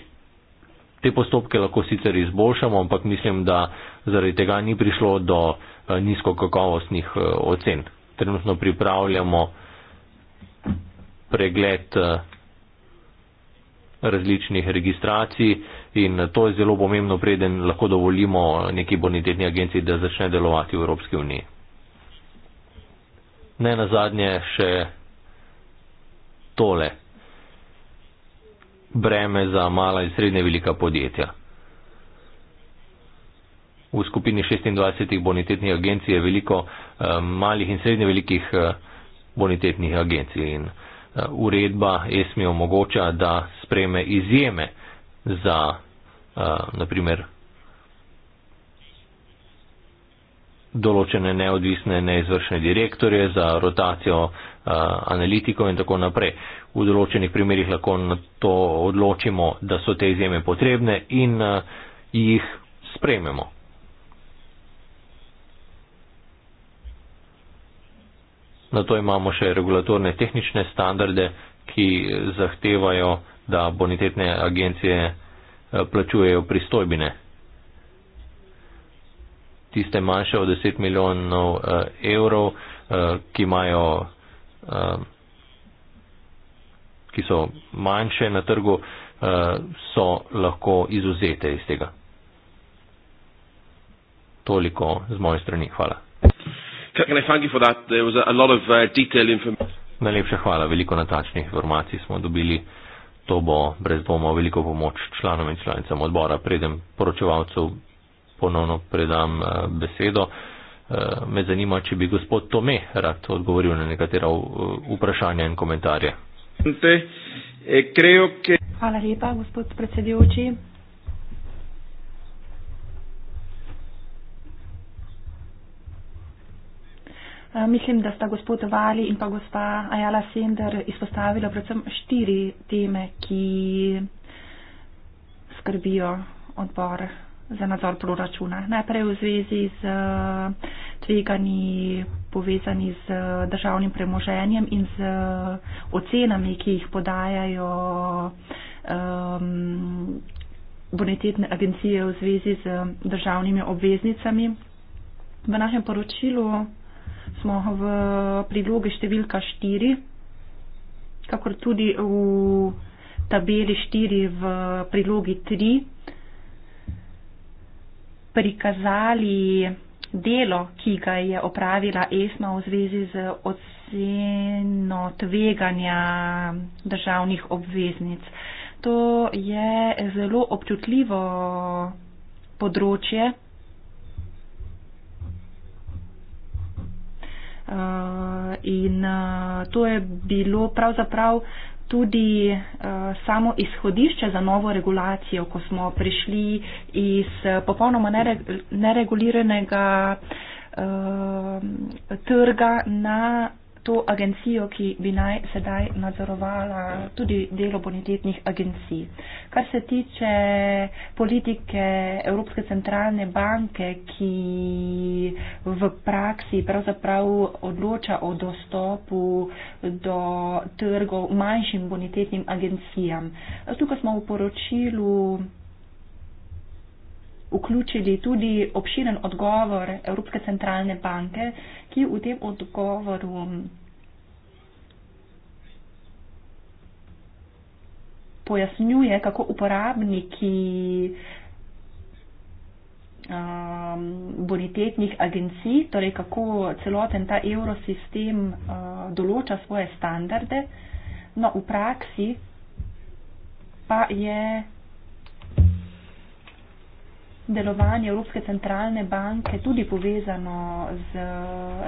Te postopke lahko sicer izboljšamo, ampak mislim, da zaradi tega ni prišlo do eh, nizkokakovostnih eh, ocen. Trenutno pripravljamo pregled eh, različnih registracij in to je zelo pomembno, preden lahko dovolimo neki bonitetni agenciji, da začne delovati v Evropski uniji. Ne na zadnje še tole breme za mala in srednje velika podjetja. V skupini 26 bonitetnih agencij je veliko eh, malih in srednje velikih eh, bonitetnih agencij in eh, uredba ESMI omogoča, da spreme izjeme za, naprimer, določene neodvisne neizvršne direktorje, za rotacijo analitikov in tako naprej. V določenih primerjih lahko na to odločimo, da so te izjeme potrebne in jih sprememo. Na to imamo še regulatorne tehnične standarde, ki zahtevajo, da bonitetne agencije eh, plačujejo pristojbine. Tiste manjše od 10 milijonov eh, evrov, eh, ki imajo ki so manjše na trgu, so lahko izuzete iz tega. Toliko z moje strani. Hvala. Uh, Najlepša hvala, veliko natačnih informacij smo dobili. To bo brez dvoma veliko pomoč članom in članicam odbora. Predem poročevalcev ponovno predam uh, besedo. Uh, me zanima, če bi gospod Tome rad odgovoril na nekatera vprašanja in komentarje. Eh, hvala lepa, gospod predsedujoči. Eh, mislim, da sta gospod Vali in pa gospa Ajala Sender izpostavila predvsem štiri teme, ki skrbijo odbor za nadzor proračuna. Najprej v zvezi z eh, tvegani povezani z državnim premoženjem in z eh, ocenami, ki jih podajajo um, bonitetne agencije v zvezi z državnimi obveznicami. V našem poročilu smo v prilogi številka 4, kakor tudi v tabeli 4 v prilogi 3, prikazali delo, ki ga je opravila ESMA v zvezi z oceno tveganja državnih obveznic. To je zelo občutljivo področje, Eh, in eh, to je bilo pravzaprav tudi eh, samo izhodišče za novo regulacijo, ko smo prišli iz popolnoma nereguliranega trga na to agencijo, ki bi naj sedaj nadzorovala tudi delo bonitetnih agencij. Kar se tiče politike Evropske centralne banke, ki v praksi pravzaprav odloča o dostopu do trgov manjšim bonitetnim agencijam. Tukaj smo v poročilu vključili tudi obširen odgovor Evropske centralne banke, ki v tem odgovoru pojasnjuje, kako uporabniki um, bonitetnih agencij, torej kako celoten ta evrosistem uh, določa svoje standarde, no v praksi pa je delovanje Evropske centralne banke tudi povezano z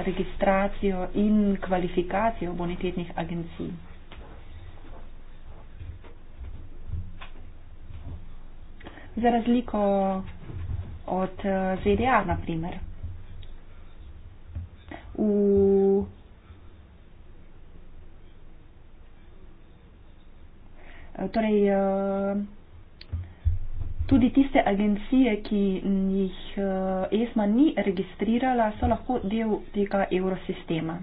registracijo in kvalifikacijo bonitetnih agencij? Za razliko od eh, ZDA, na primer. V Torej, eh, Tudi tiste agencije, ki jih eh, ESMA ni registrirala, so lahko del tega evrosistema.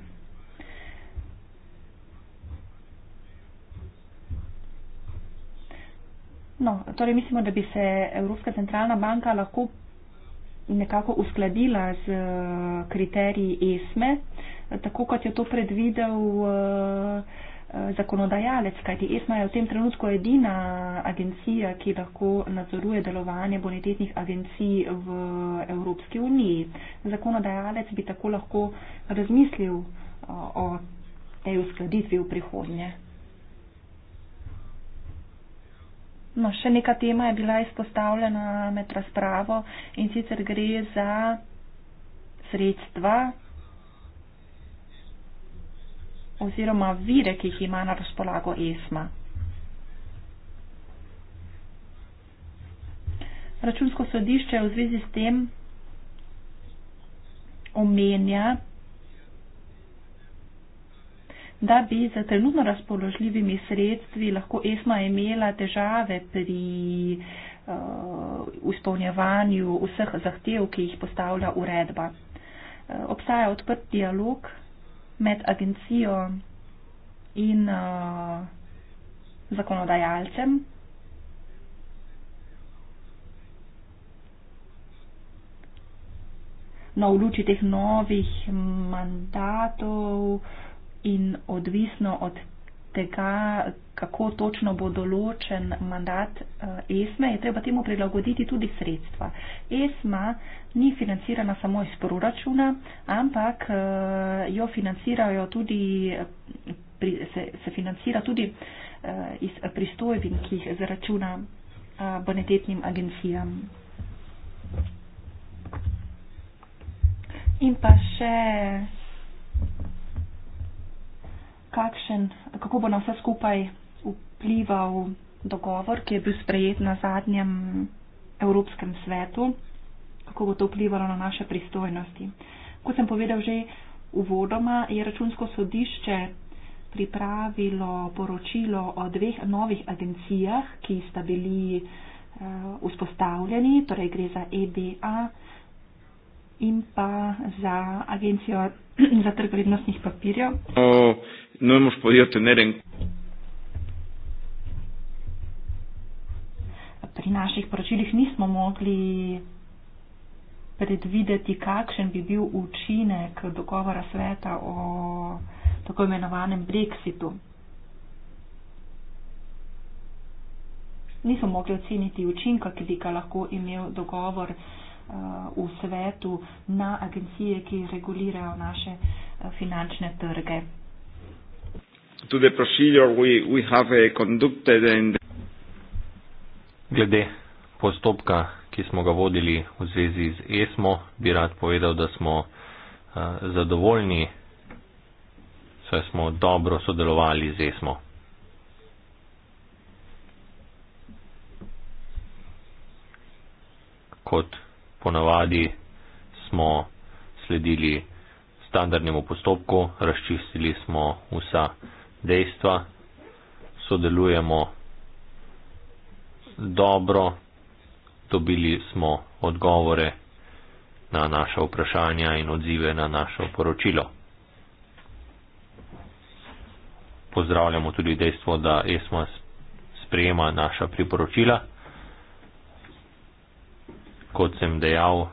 No, torej mislimo, da bi se Evropska centralna banka lahko nekako uskladila z eh, kriteriji ESME, tako kot je to predvidel. Uh, zakonodajalec, kajti ESMA je v tem trenutku edina agencija, ki lahko nadzoruje delovanje bonitetnih agencij v Evropski uniji. Zakonodajalec bi tako lahko razmislil o tej uskladitvi v prihodnje. No, še neka tema je bila izpostavljena med razpravo in sicer gre za sredstva, oziroma vire, ki jih ima na razpolago ESMA. Računsko sodišče v zvezi s tem omenja, da bi z trenutno razpoložljivimi sredstvi lahko ESMA imela težave pri uh, izpolnjevanju vseh zahtev, ki jih postavlja uredba. Uh, obstaja odprt dialog med agencijo in uh, zakonodajalcem. No, v luči teh novih mandatov in odvisno od tega, kako točno bo določen mandat eh, ESME, je treba temu prilagoditi tudi sredstva. ESMA ni financirana samo iz proračuna, ampak eh, jo financirajo tudi, se, se financira tudi eh, iz pristojbin, ki jih zaračuna bonitetnim agencijam. In pa še kakšen, kako bo na vse skupaj vplival dogovor, ki je bil sprejet na zadnjem Evropskem svetu, kako bo to vplivalo na naše pristojnosti. Kot sem povedal že uvodoma, je računsko sodišče pripravilo poročilo o dveh novih agencijah, ki sta bili uh, vzpostavljeni, torej gre za EBA in pa za agencijo za trg vrednostnih papirjev. Uh no hemos podido tener en pri naših poročilih nismo mogli predvideti, kakšen bi bil učinek dogovora sveta o tako imenovanem Brexitu. Nismo mogli oceniti učinka, ki bi ga lahko imel dogovor eh, v svetu na agencije, ki regulirajo naše eh, finančne trge to the procedure we, we have uh, conducted and Glede postopka, ki smo ga vodili v zvezi z ESMO, bi rad povedal, da smo uh, zadovoljni, saj smo dobro sodelovali z ESMO. Kot ponavadi smo sledili standardnemu postopku, razčistili smo vsa dejstva, sodelujemo dobro, dobili smo odgovore na naša vprašanja in odzive na naše poročilo. Pozdravljamo tudi dejstvo, da ESMA sprejema naša priporočila. Kot sem dejal,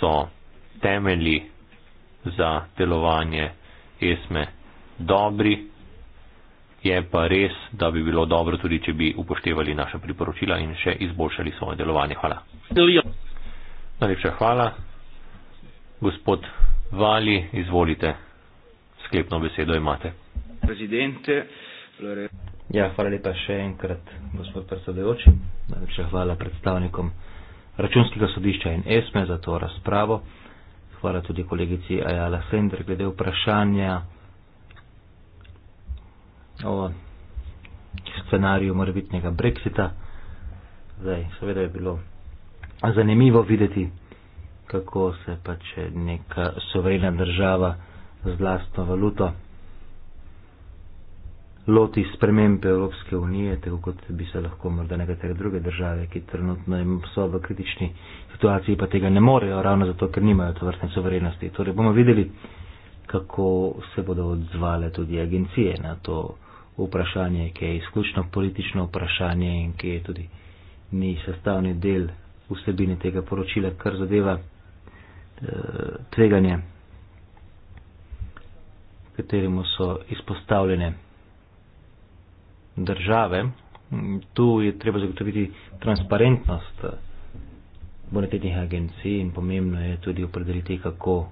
so temelji za delovanje ESME dobri. Je pa res, da bi bilo dobro tudi, če bi upoštevali naša priporočila in še izboljšali svoje delovanje. Hvala. Najlepša hvala. Gospod Vali, izvolite. Sklepno besedo imate. Ja, hvala lepa še enkrat, gospod predsedajoči. Najlepša hvala predstavnikom računskega sodišča in ESME za to razpravo. Hvala tudi kolegici Ajala Sender glede vprašanja o scenariju morebitnega brexita. Zdaj, seveda je bilo zanimivo videti, kako se pač neka sovrena država z vlastno valuto loti spremembe Evropske unije, tako kot bi se lahko morda nekatere druge države, ki trenutno so v kritični situaciji, pa tega ne morejo, ravno zato, ker nimajo to vrstne sovrenosti. Torej bomo videli, kako se bodo odzvale tudi agencije na to vprašanje, ki je izključno politično vprašanje in ki je tudi ni sestavni del vsebine tega poročila, kar zadeva e, tveganje, kateremu so izpostavljene države. Tu je treba zagotoviti transparentnost eh, bonitetnih agencij in pomembno je tudi opredeliti, kako,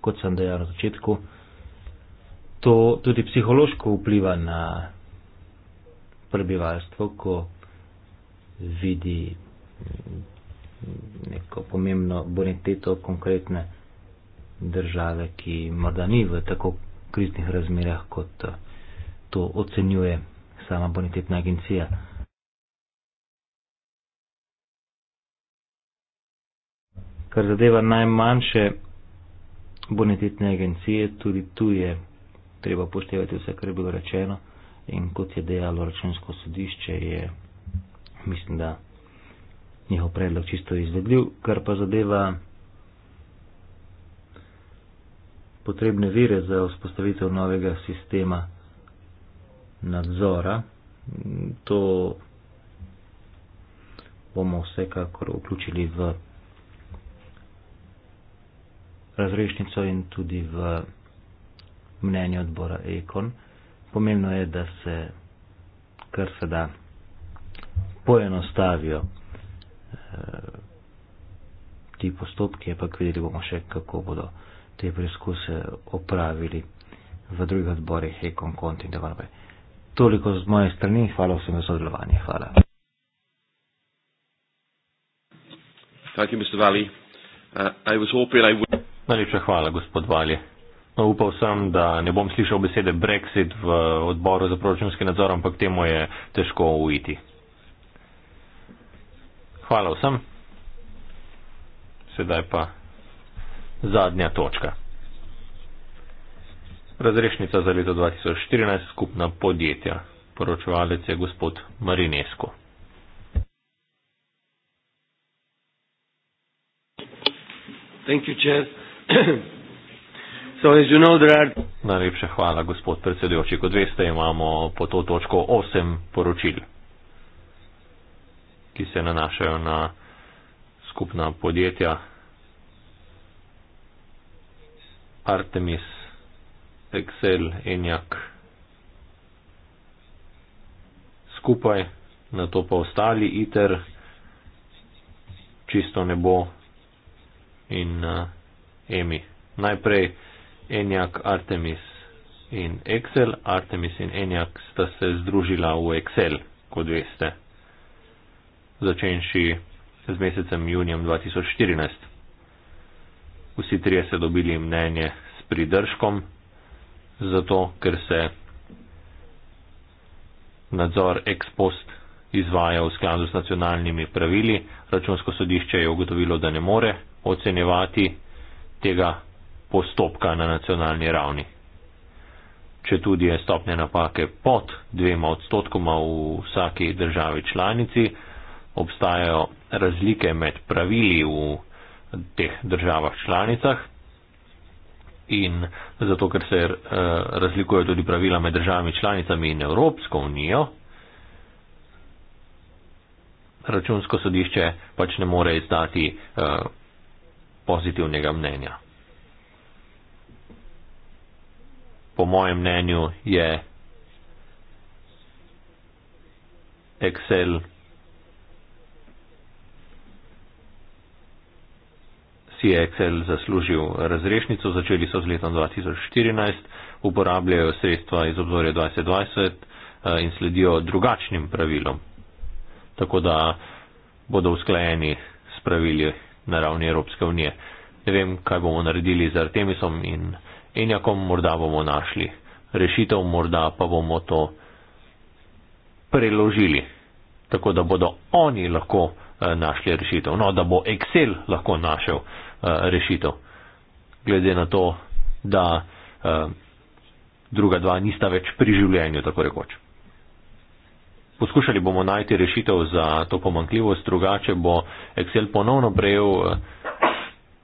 kot sem dejal na začetku, to tudi psihološko vpliva na prebivalstvo, ko vidi neko pomembno boniteto konkretne države, ki morda ni v tako kriznih razmerah, kot to ocenjuje sama bonitetna agencija. Kar zadeva najmanjše bonitetne agencije, tudi tu je treba upoštevati vse, kar je bilo rečeno. In kot je dejalo računsko sodišče, je mislim, da njihov predlog čisto izvedljiv, kar pa zadeva potrebne vire za vzpostavitev novega sistema nadzora. To bomo vsekakor vključili v razrešnico in tudi v mnenje odbora Ekon. Pomembno je, da se kar se da poenostavijo eh, ti postopki, ampak videli bomo še, kako bodo te preizkuse opravili v drugih odborih Ekon, Kont in tako naprej. Toliko z moje strani, hvala vsem za sodelovanje. Hvala. Thank you, Mr. Valley. Uh, I was hoping I would. Najlepša hvala, gospod Valje. Upal sem, da ne bom slišal besede Brexit v odboru za proračunski nadzor, ampak temu je težko uiti. Hvala vsem. Sedaj pa zadnja točka. Razrešnica za leto 2014 skupna podjetja. Poročevalec je gospod Marinesko. Thank you, Chad. Najlepša hvala, gospod predsedujoči. Kot veste, imamo po to točko 8 poročil, ki se nanašajo na skupna podjetja Artemis, Excel, Enjak, skupaj, na to pa ostali ITER, čisto nebo in eh, EMI. Najprej Enjak, Artemis in Excel. Artemis in Enjak sta se združila v Excel, kot veste, začenši z mesecem junijem 2014. Vsi trije so dobili mnenje s pridržkom, zato ker se nadzor ex post izvaja v skladu s nacionalnimi pravili. Računsko sodišče je ugotovilo, da ne more ocenjevati tega postopka na nacionalni ravni. Če tudi je stopnja napake pod dvema odstotkoma v vsaki državi članici, obstajajo razlike med pravili v teh državah članicah in zato, ker se eh, razlikujejo tudi pravila med državami članicami in Evropsko unijo, računsko sodišče pač ne more izdati eh, pozitivnega mnenja. po mojem mnenju, je Excel si je Excel zaslužil razrešnico, začeli so z letom 2014, uporabljajo sredstva iz obzorja 2020 eh, in sledijo drugačnim pravilom, tako da bodo usklajeni s pravili na ravni Evropske unije. Ne vem, kaj bomo naredili z Artemisom in enjakom morda bomo našli rešitev, morda pa bomo to preložili, tako da bodo oni lahko eh, našli rešitev. No, da bo Excel lahko našel eh, rešitev. Glede na to, da eh, druga dva nista več pri življenju, tako rekoč. Poskušali bomo najti rešitev za to pomankljivost, drugače bo Excel ponovno prejel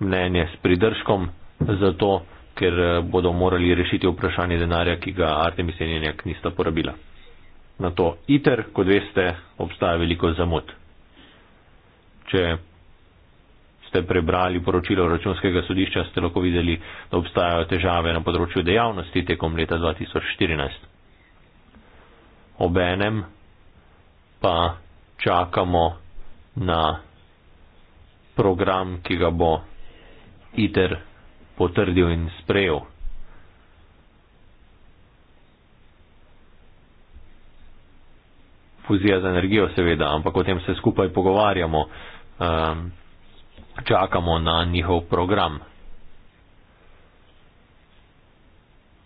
mnenje s pridržkom za to, ker eh, bodo morali rešiti vprašanje denarja, ki ga Artemis in Enjak nista porabila. Na to ITER, kot veste, obstaja veliko zamot. Če ste prebrali poročilo računskega sodišča, ste lahko videli, da obstajajo težave na področju dejavnosti tekom leta 2014. Obenem pa čakamo na program, ki ga bo ITER potrdil in sprejel. Fuzija z energijo, seveda, ampak o tem se skupaj pogovarjamo, ehm, čakamo na njihov program.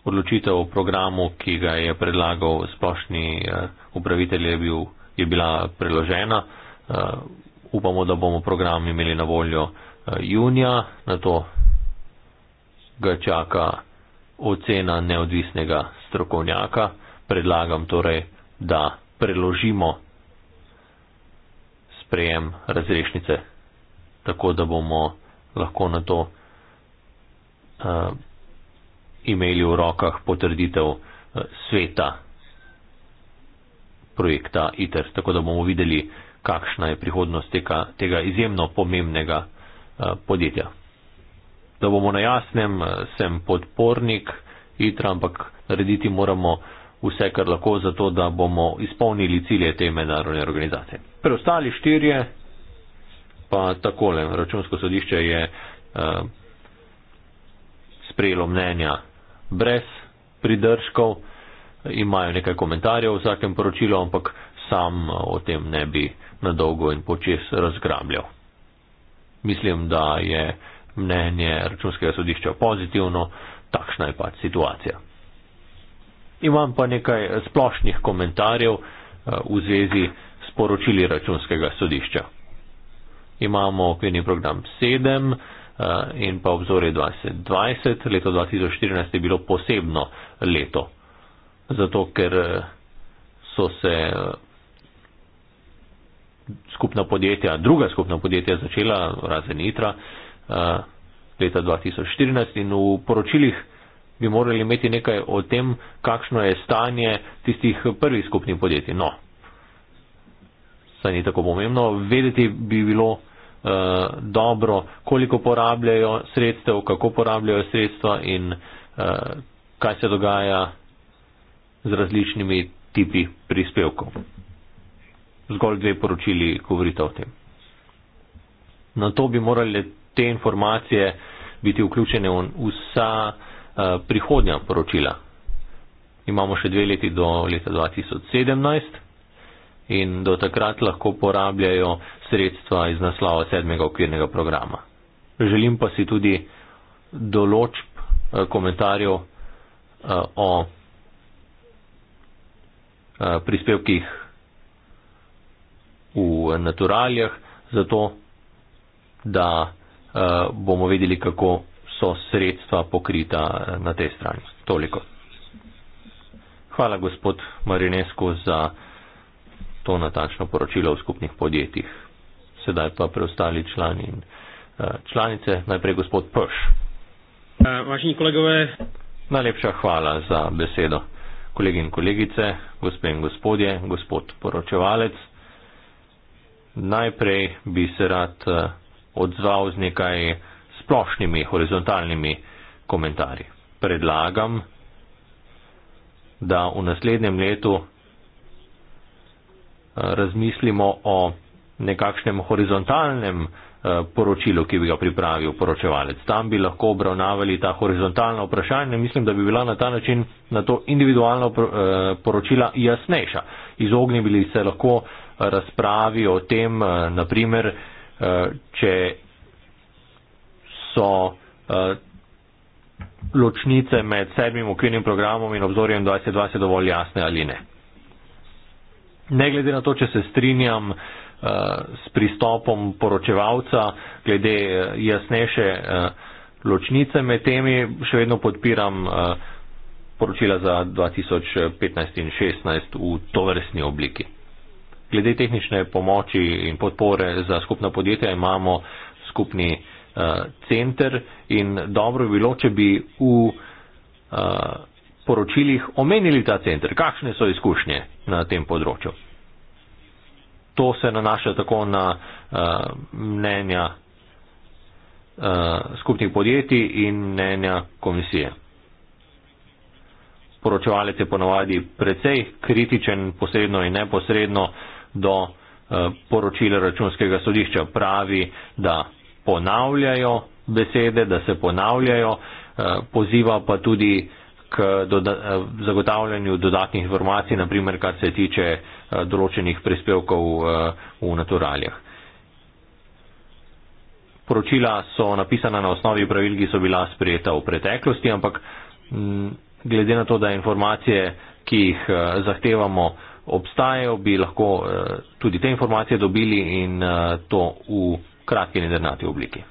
Odločitev o programu, ki ga je predlagal splošni eh, upravitelj, je, bil, je bila preložena. Eh, upamo, da bomo program imeli na voljo eh, junija, na to ga čaka ocena neodvisnega strokovnjaka. Predlagam torej, da preložimo sprejem razrešnice, tako da bomo lahko na to uh, imeli v rokah potrditev uh, sveta projekta ITER, tako da bomo videli, kakšna je prihodnost tega, tega izjemno pomembnega uh, podjetja da bomo na jasnem, eh, sem podpornik ITRA, ampak narediti moramo vse, kar lahko, zato da bomo izpolnili cilje te mednarodne organizacije. Preostali štirje pa takole. Računsko sodišče je uh, sprejelo mnenja brez pridržkov, imajo nekaj komentarjev v vsakem poročilu, ampak sam eh, o tem ne bi na dolgo in počes razgrabljal. Mislim, da je uh, mnenje računskega sodišča pozitivno, takšna je pač situacija. Imam pa nekaj eh, splošnih komentarjev eh, v zvezi s poročili računskega sodišča. Imamo okvirni program 7 eh, in pa obzore 2020. Leto 2014 je bilo posebno leto, zato ker so se skupna podjetja, druga skupna podjetja začela, razen Itra, Eh, leta 2014 in v poročilih bi morali imeti nekaj o tem, kakšno je stanje tistih prvih skupnih podjetij. No, saj ni tako pomembno, vedeti bi bilo uh, dobro, koliko porabljajo sredstev, kako porabljajo sredstva in uh, kaj se dogaja z različnimi tipi prispevkov. Zgolj dve poročili govorita o tem. Na to bi morali te informacije biti vključene v vsa eh, prihodnja poročila. Imamo še dve leti do leta 2017 in do takrat lahko porabljajo sredstva iz naslova sedmega okvirnega programa. Želim pa si tudi določb eh, komentarjev eh, o prispevkih v naturaljah, zato da Eh, bomo vedeli, kako so sredstva pokrita eh, na tej strani. Toliko. Hvala, gospod Marinesko, za to natančno poročilo v skupnih podjetjih. Sedaj pa preostali člani in eh, članice. Najprej gospod Prš. Vaši kolegove. Najlepša hvala za besedo. Kolegi in kolegice, gospe in gospodje, gospod poročevalec. Najprej bi se rad. Uh, odzval z nekaj splošnimi horizontalnimi komentarji. Predlagam, da v naslednjem letu eh, razmislimo o nekakšnem horizontalnem eh, poročilu, ki bi ga pripravil poročevalec. Tam bi lahko obravnavali ta horizontalna vprašanja. Mislim, da bi bila na ta način na to individualno eh, poročila jasnejša. Izognili se lahko razpravi o tem, naprimer, Eh, če so eh, ločnice med sedmim okvirnim programom in obzorjem 2020 dovolj jasne ali ne. Ne glede na to, če se strinjam eh, s pristopom poročevalca glede jasnejše ločnice med temi, še vedno podpiram poročila za 2015 in 2016 v tovrstni obliki. Glede tehnične pomoči in podpore za skupna podjetja imamo skupni eh, center in dobro bi bilo, če bi v eh, poročilih omenili ta center, kakšne so izkušnje na tem področju. To se nanaša tako na eh, mnenja skupnih podjetij in mnenja komisije. Poročevalec je ponovadi precej kritičen, posredno in neposredno, do eh, poročila računskega sodišča. Pravi, da ponavljajo besede, da se ponavljajo, eh, poziva pa tudi k eh, zagotavljanju dodatnih informacij, naprimer, kar se tiče določenih prispevkov v naturaljah. Poročila so napisana na osnovi pravil, ki so bila sprejeta v preteklosti, ampak mm, glede na to, da informacije, ki jih zahtevamo, obstajajo, bi lahko eh, tudi te informacije dobili in eh, to v kratki in drnati obliki.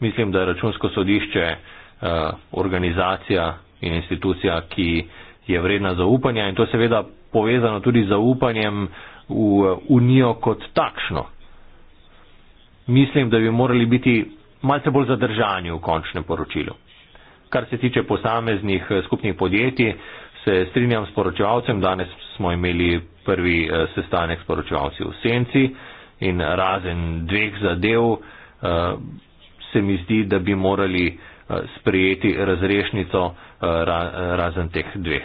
Mislim, da je računsko sodišče eh, organizacija in institucija, ki je vredna zaupanja in to seveda povezano tudi z zaupanjem v Unijo kot takšno. Mislim, da bi morali biti malce bolj zadržani v končnem poročilu. Kar se tiče posameznih skupnih podjetij, se strinjam s poročevalcem, danes smo imeli prvi eh, sestanek s poročevalci v Senci in razen dveh zadev eh, se mi zdi, da bi morali eh, sprejeti razrešnico razen teh dveh,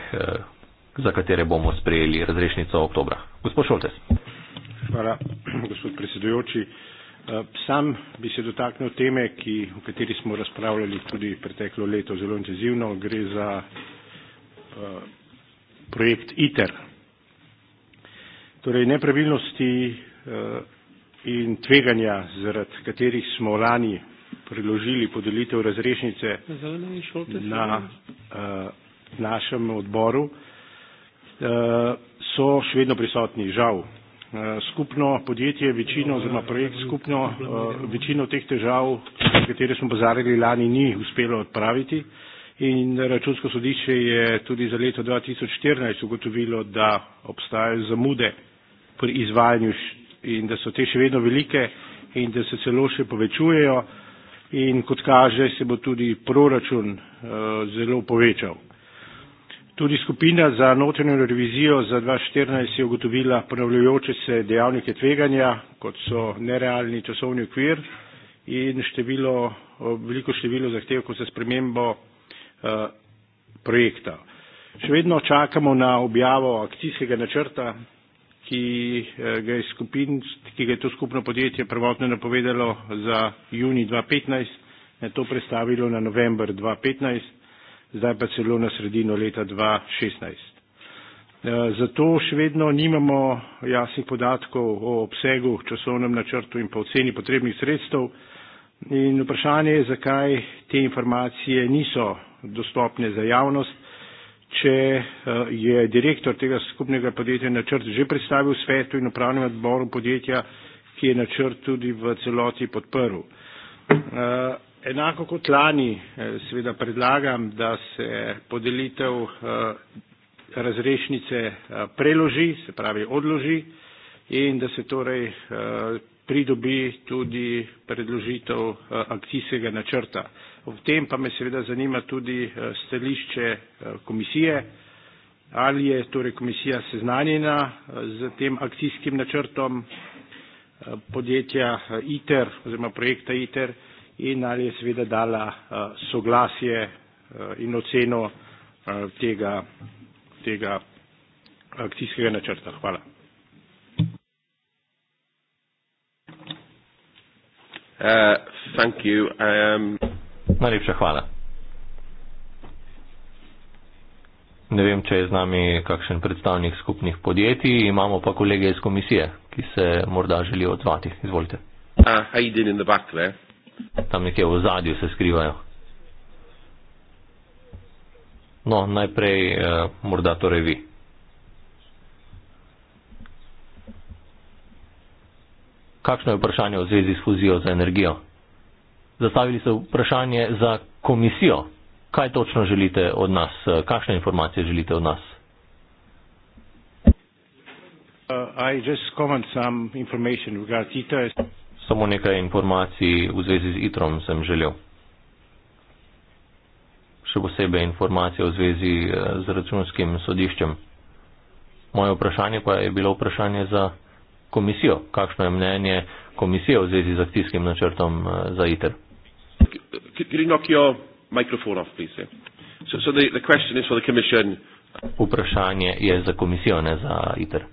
za katere bomo sprejeli razrešnico v oktobra. Gospod Šoltes. Hvala, gospod predsedujoči. Sam bi se dotaknil teme, ki, o kateri smo razpravljali tudi preteklo leto zelo intenzivno. Gre za Eh, projekt ITER. Torej, nepravilnosti eh, in tveganja, zaradi katerih smo lani priložili podelitev razrešnice na eh, našem odboru, so še vedno prisotni, žal. Skupno podjetje, večino oziroma projekt skupno, večino teh težav, na katere smo pozarjali lani, ni uspelo odpraviti. In računsko sodišče je tudi za leto 2014 ugotovilo, da obstajajo zamude pri izvajanju in da so te še vedno velike in da se celo še povečujejo in kot kaže se bo tudi proračun uh, zelo povečal. Tudi skupina za notranjo revizijo za 2014 je ugotovila ponavljajoče se dejavnike tveganja, kot so nerealni časovni okvir in število, eh, veliko število zahtev, ko se spremembo Eh, projekta. Še vedno čakamo na objavo akcijskega načrta, ki eh, ga, je skupin, ki ga je to skupno podjetje prvotno napovedalo za juni 2015, je to predstavilo na november 2015, zdaj pa celo na sredino leta 2016. Eh, zato še vedno nimamo jasnih podatkov o obsegu, časovnem načrtu in pa oceni potrebnih sredstev. In vprašanje je, zakaj te informacije niso dostopne za javnost, če eh, je direktor tega skupnega podjetja načrt že predstavil svetu in upravnem odboru podjetja, ki je načrt tudi v celoti podprl. Eh, enako kot lani, eh, seveda predlagam, da se podelitev razrešnice preloži, se pravi odloži in da se torej pridobi tudi predložitev akcijskega načrta. Ob tem pa me seveda zanima tudi eh, stališče eh, komisije, ali je torej komisija seznanjena z eh, tem akcijskim načrtom podjetja ITER oziroma projekta ITER in ali je seveda dala soglasje in oceno tega, tega akcijskega načrta. Hvala. Uh, thank you. Um... Najlepša hvala. Ne vem, če je z nami kakšen predstavnik skupnih podjetij, imamo pa kolege iz komisije, ki se morda želijo odzvati. Izvolite. Uh, Tam nekje v zadju se skrivajo. No, najprej eh, morda torej vi. Kakšno je vprašanje v zvezi s fuzijo za energijo? zastavili so vprašanje za komisijo. Kaj točno želite od nas? Kakšne informacije želite od nas? Uh, Samo nekaj informacij v zvezi z ITROM sem želel. Še posebej informacije v zvezi eh, z računskim sodiščem. Moje vprašanje pa je bilo vprašanje za komisijo. Kakšno je mnenje komisije v zvezi z akcijskim načrtom eh, za ITER? could, could you knock your microphone off, please? Yeah. So, so the, the question is for the Commission. Uprašanje je za komisijo, ne za ITER.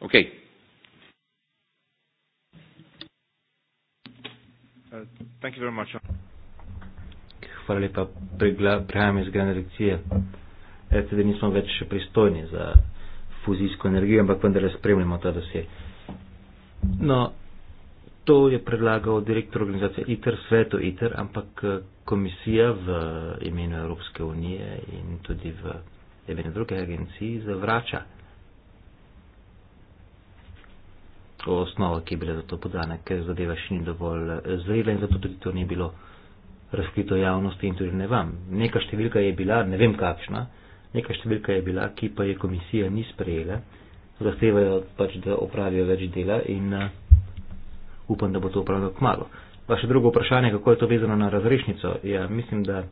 Ok. Uh, thank you very much. Hvala lepa. Prehajam iz Gran Direkcije. Rece, da nismo več pristojni za fuzijsko energijo, ampak vendar spremljamo ta dosje. No, to je predlagal direktor organizacije ITER, svetu ITER, ampak eh, komisija v imenu Evropske unije in tudi v imenu druge agencije zavrača osnovo, ki je bila za to podana, ker zadeva še ni dovolj eh, zrela in zato tudi to ni bilo razkrito javnosti in tudi ne vam. Neka številka je bila, ne vem kakšna, neka številka je bila, ki pa je komisija ni sprejela, zahtevajo pač, da opravijo več dela in eh, upam, da bo to upravljeno kmalo. Vaše drugo vprašanje, kako je to vezano na razrešnico? Ja, mislim, da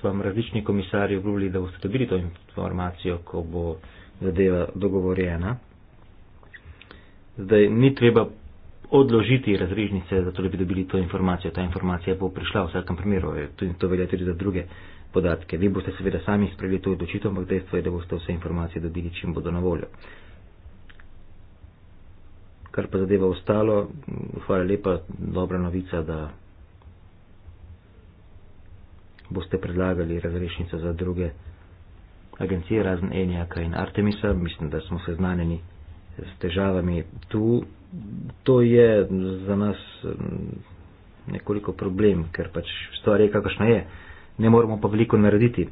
so vam različni komisarji obljubili, da boste dobili to informacijo, ko bo zadeva dogovorjena. Zdaj ni treba odložiti razrežnice, zato da bi dobili to informacijo. Ta informacija bo prišla v vsakem primeru in to velja tudi za druge podatke. Vi boste seveda sami sprejeli to odločitev, ampak dejstvo je, da boste vse informacije dobili, čim bodo na voljo. Uh, kar pa zadeva ostalo, hvala lepa, dobra novica, da boste predlagali razrešnico za druge agencije, razen Enjaka in Artemisa. Mislim, da smo seznanjeni s težavami tu. To je za nas nekoliko problem, ker pač stvar je, kakšna je. Ne moramo pa veliko narediti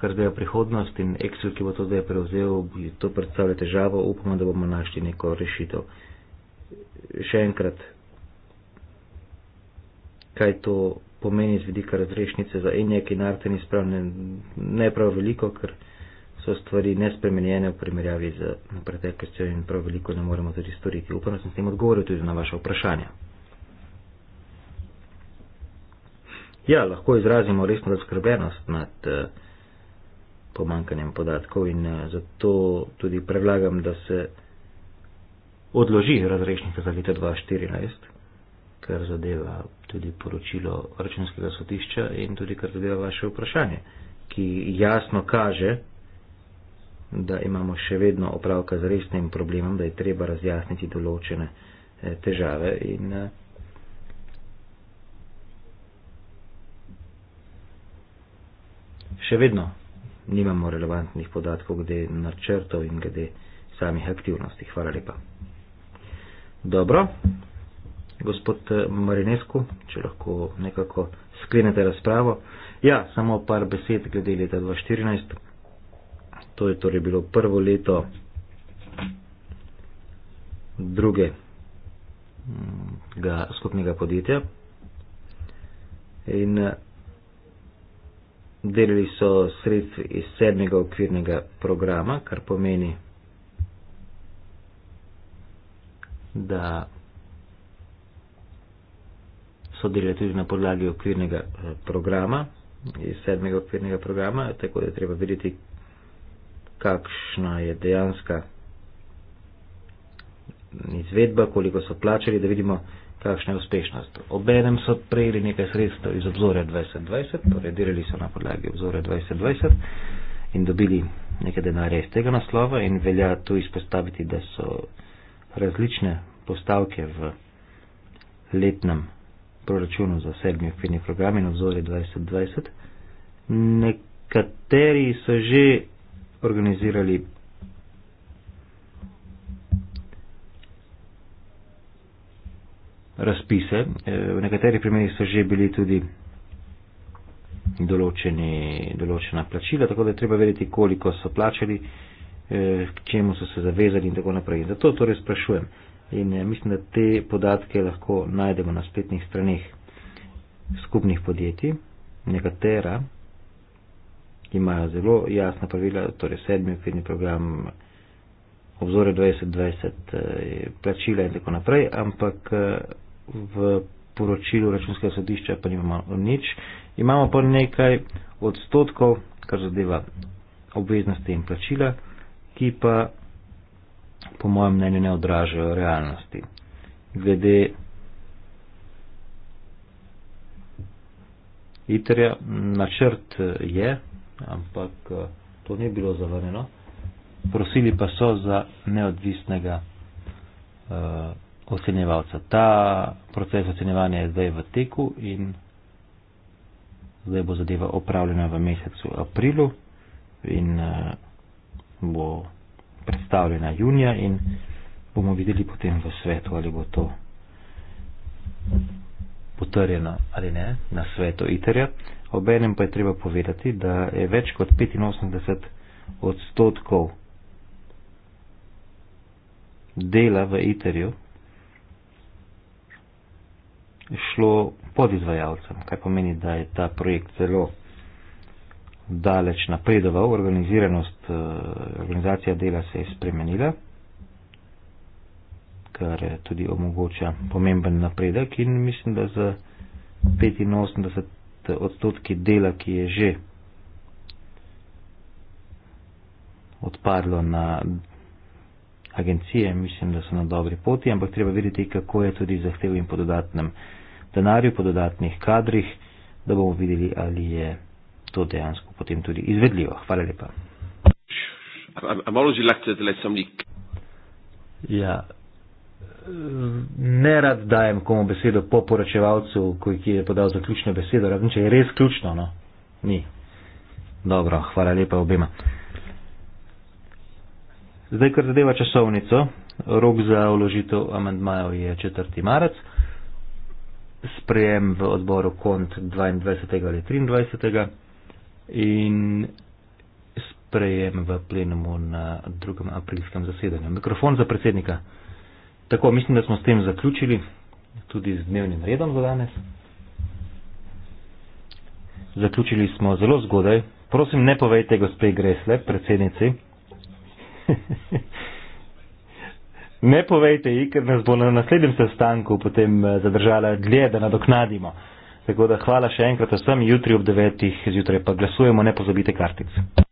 kar zdaj je prihodnost in Excel, ki bo to zdaj prevzel, to predstavlja težavo, upamo, da bomo našli neko rešitev. Še enkrat, kaj to pomeni z vidika razrešnice za enjak in arte, ni spravljen, ne prav veliko, ker so stvari nespremenjene v primerjavi z preteklostjo in prav veliko ne moremo tudi storiti. Upam, da sem s tem odgovoril tudi na vaše vprašanje. Ja, lahko izrazimo resno razkrbenost nad uh, pomankanjem podatkov in eh, zato tudi predlagam, da se odloži razrešnica za leto 2014, kar zadeva tudi poročilo računskega sodišča in tudi kar zadeva vaše vprašanje, ki jasno kaže, da imamo še vedno opravka z resnim problemom, da je treba razjasniti določene eh, težave in eh, še vedno nimamo relevantnih podatkov glede načrtov in glede samih aktivnosti. Hvala lepa. Dobro, gospod eh, Marinesku, če lahko nekako sklenete razpravo. Ja, samo par besed glede leta 2014. To je torej bilo prvo leto druge mm, skupnega podjetja. In eh, delili so sredstvi iz sedmega okvirnega programa, kar pomeni, da so delili tudi na podlagi okvirnega eh, programa, iz sedmega okvirnega programa, tako da je treba videti, kakšna je dejanska izvedba, koliko so plačali, da vidimo, kakšna je uspešnost. Obenem so prejeli nekaj sredstev iz obzorja 2020, torej delali so na podlagi obzorja 2020 in dobili nekaj denarja iz tega naslova in velja tu izpostaviti, da so različne postavke v letnem proračunu za sedmi okvirni program in obzorje 2020. Nekateri so že organizirali razpise. E, v nekaterih primerih so že bili tudi določeni, določena plačila, tako da je treba vedeti, koliko so plačali, e, k čemu so se zavezali in tako naprej. Zato torej sprašujem in e, mislim, da te podatke lahko najdemo na spletnih straneh skupnih podjetij. Nekatera imajo zelo jasna pravila, torej sedmi okvirni program, obzore 2020, plačila in tako naprej, ampak v poročilu računskega sodišča pa nimamo nič. Imamo pa nekaj odstotkov, kar zadeva obveznosti in plačila, ki pa po mojem mnenju ne odražajo realnosti. Glede ITR-ja, načrt je, ampak to ni bilo zavrnjeno. Prosili pa so za neodvisnega. Uh, ocenjevalca. Ta proces ocenjevanja je zdaj v teku in zdaj bo zadeva opravljena v mesecu aprilu in eh, bo predstavljena junija in bomo videli potem v svetu, ali bo to potrjeno ali ne na svetu ITER-ja. Obenem pa je treba povedati, da je več kot 85 odstotkov dela v ITER-ju šlo pod izvajalcem, kaj pomeni, da je ta projekt zelo daleč napredoval, organiziranost, eh, organizacija dela se je spremenila, kar eh, tudi omogoča pomemben napredek in mislim, da za 85 odstotki dela, ki je že odpadlo na agencije, mislim, da so na dobri poti, ampak treba videti, kako je tudi zahtev in po dodatnem denarju, po dodatnih kadrih, da bomo videli, ali je to dejansko potem tudi izvedljivo. Hvala lepa. Ja, ne rad dajem komu besedo po poročevalcu, ki je podal zaključno besedo, razen če je res ključno, no, ni. Dobro, hvala lepa obima. Zdaj, kar zadeva časovnico, rok za uložitev amendmajev je 4. marec sprejem v odboru kont 22. ali 23. in sprejem v plenumu na drugem aprilskem zasedanju. Mikrofon za predsednika. Tako, mislim, da smo s tem zaključili, tudi z dnevnim redom za danes. Zaključili smo zelo zgodaj. Prosim, ne povejte, gospe Gresle, predsednici. Ne povejte ji, ker nas bo na naslednjem sestanku potem eh, zadržala dlje, da nadoknadimo. Tako da hvala še enkrat vsem, jutri ob 9.00 zjutraj pa glasujemo, ne pozabite kartic.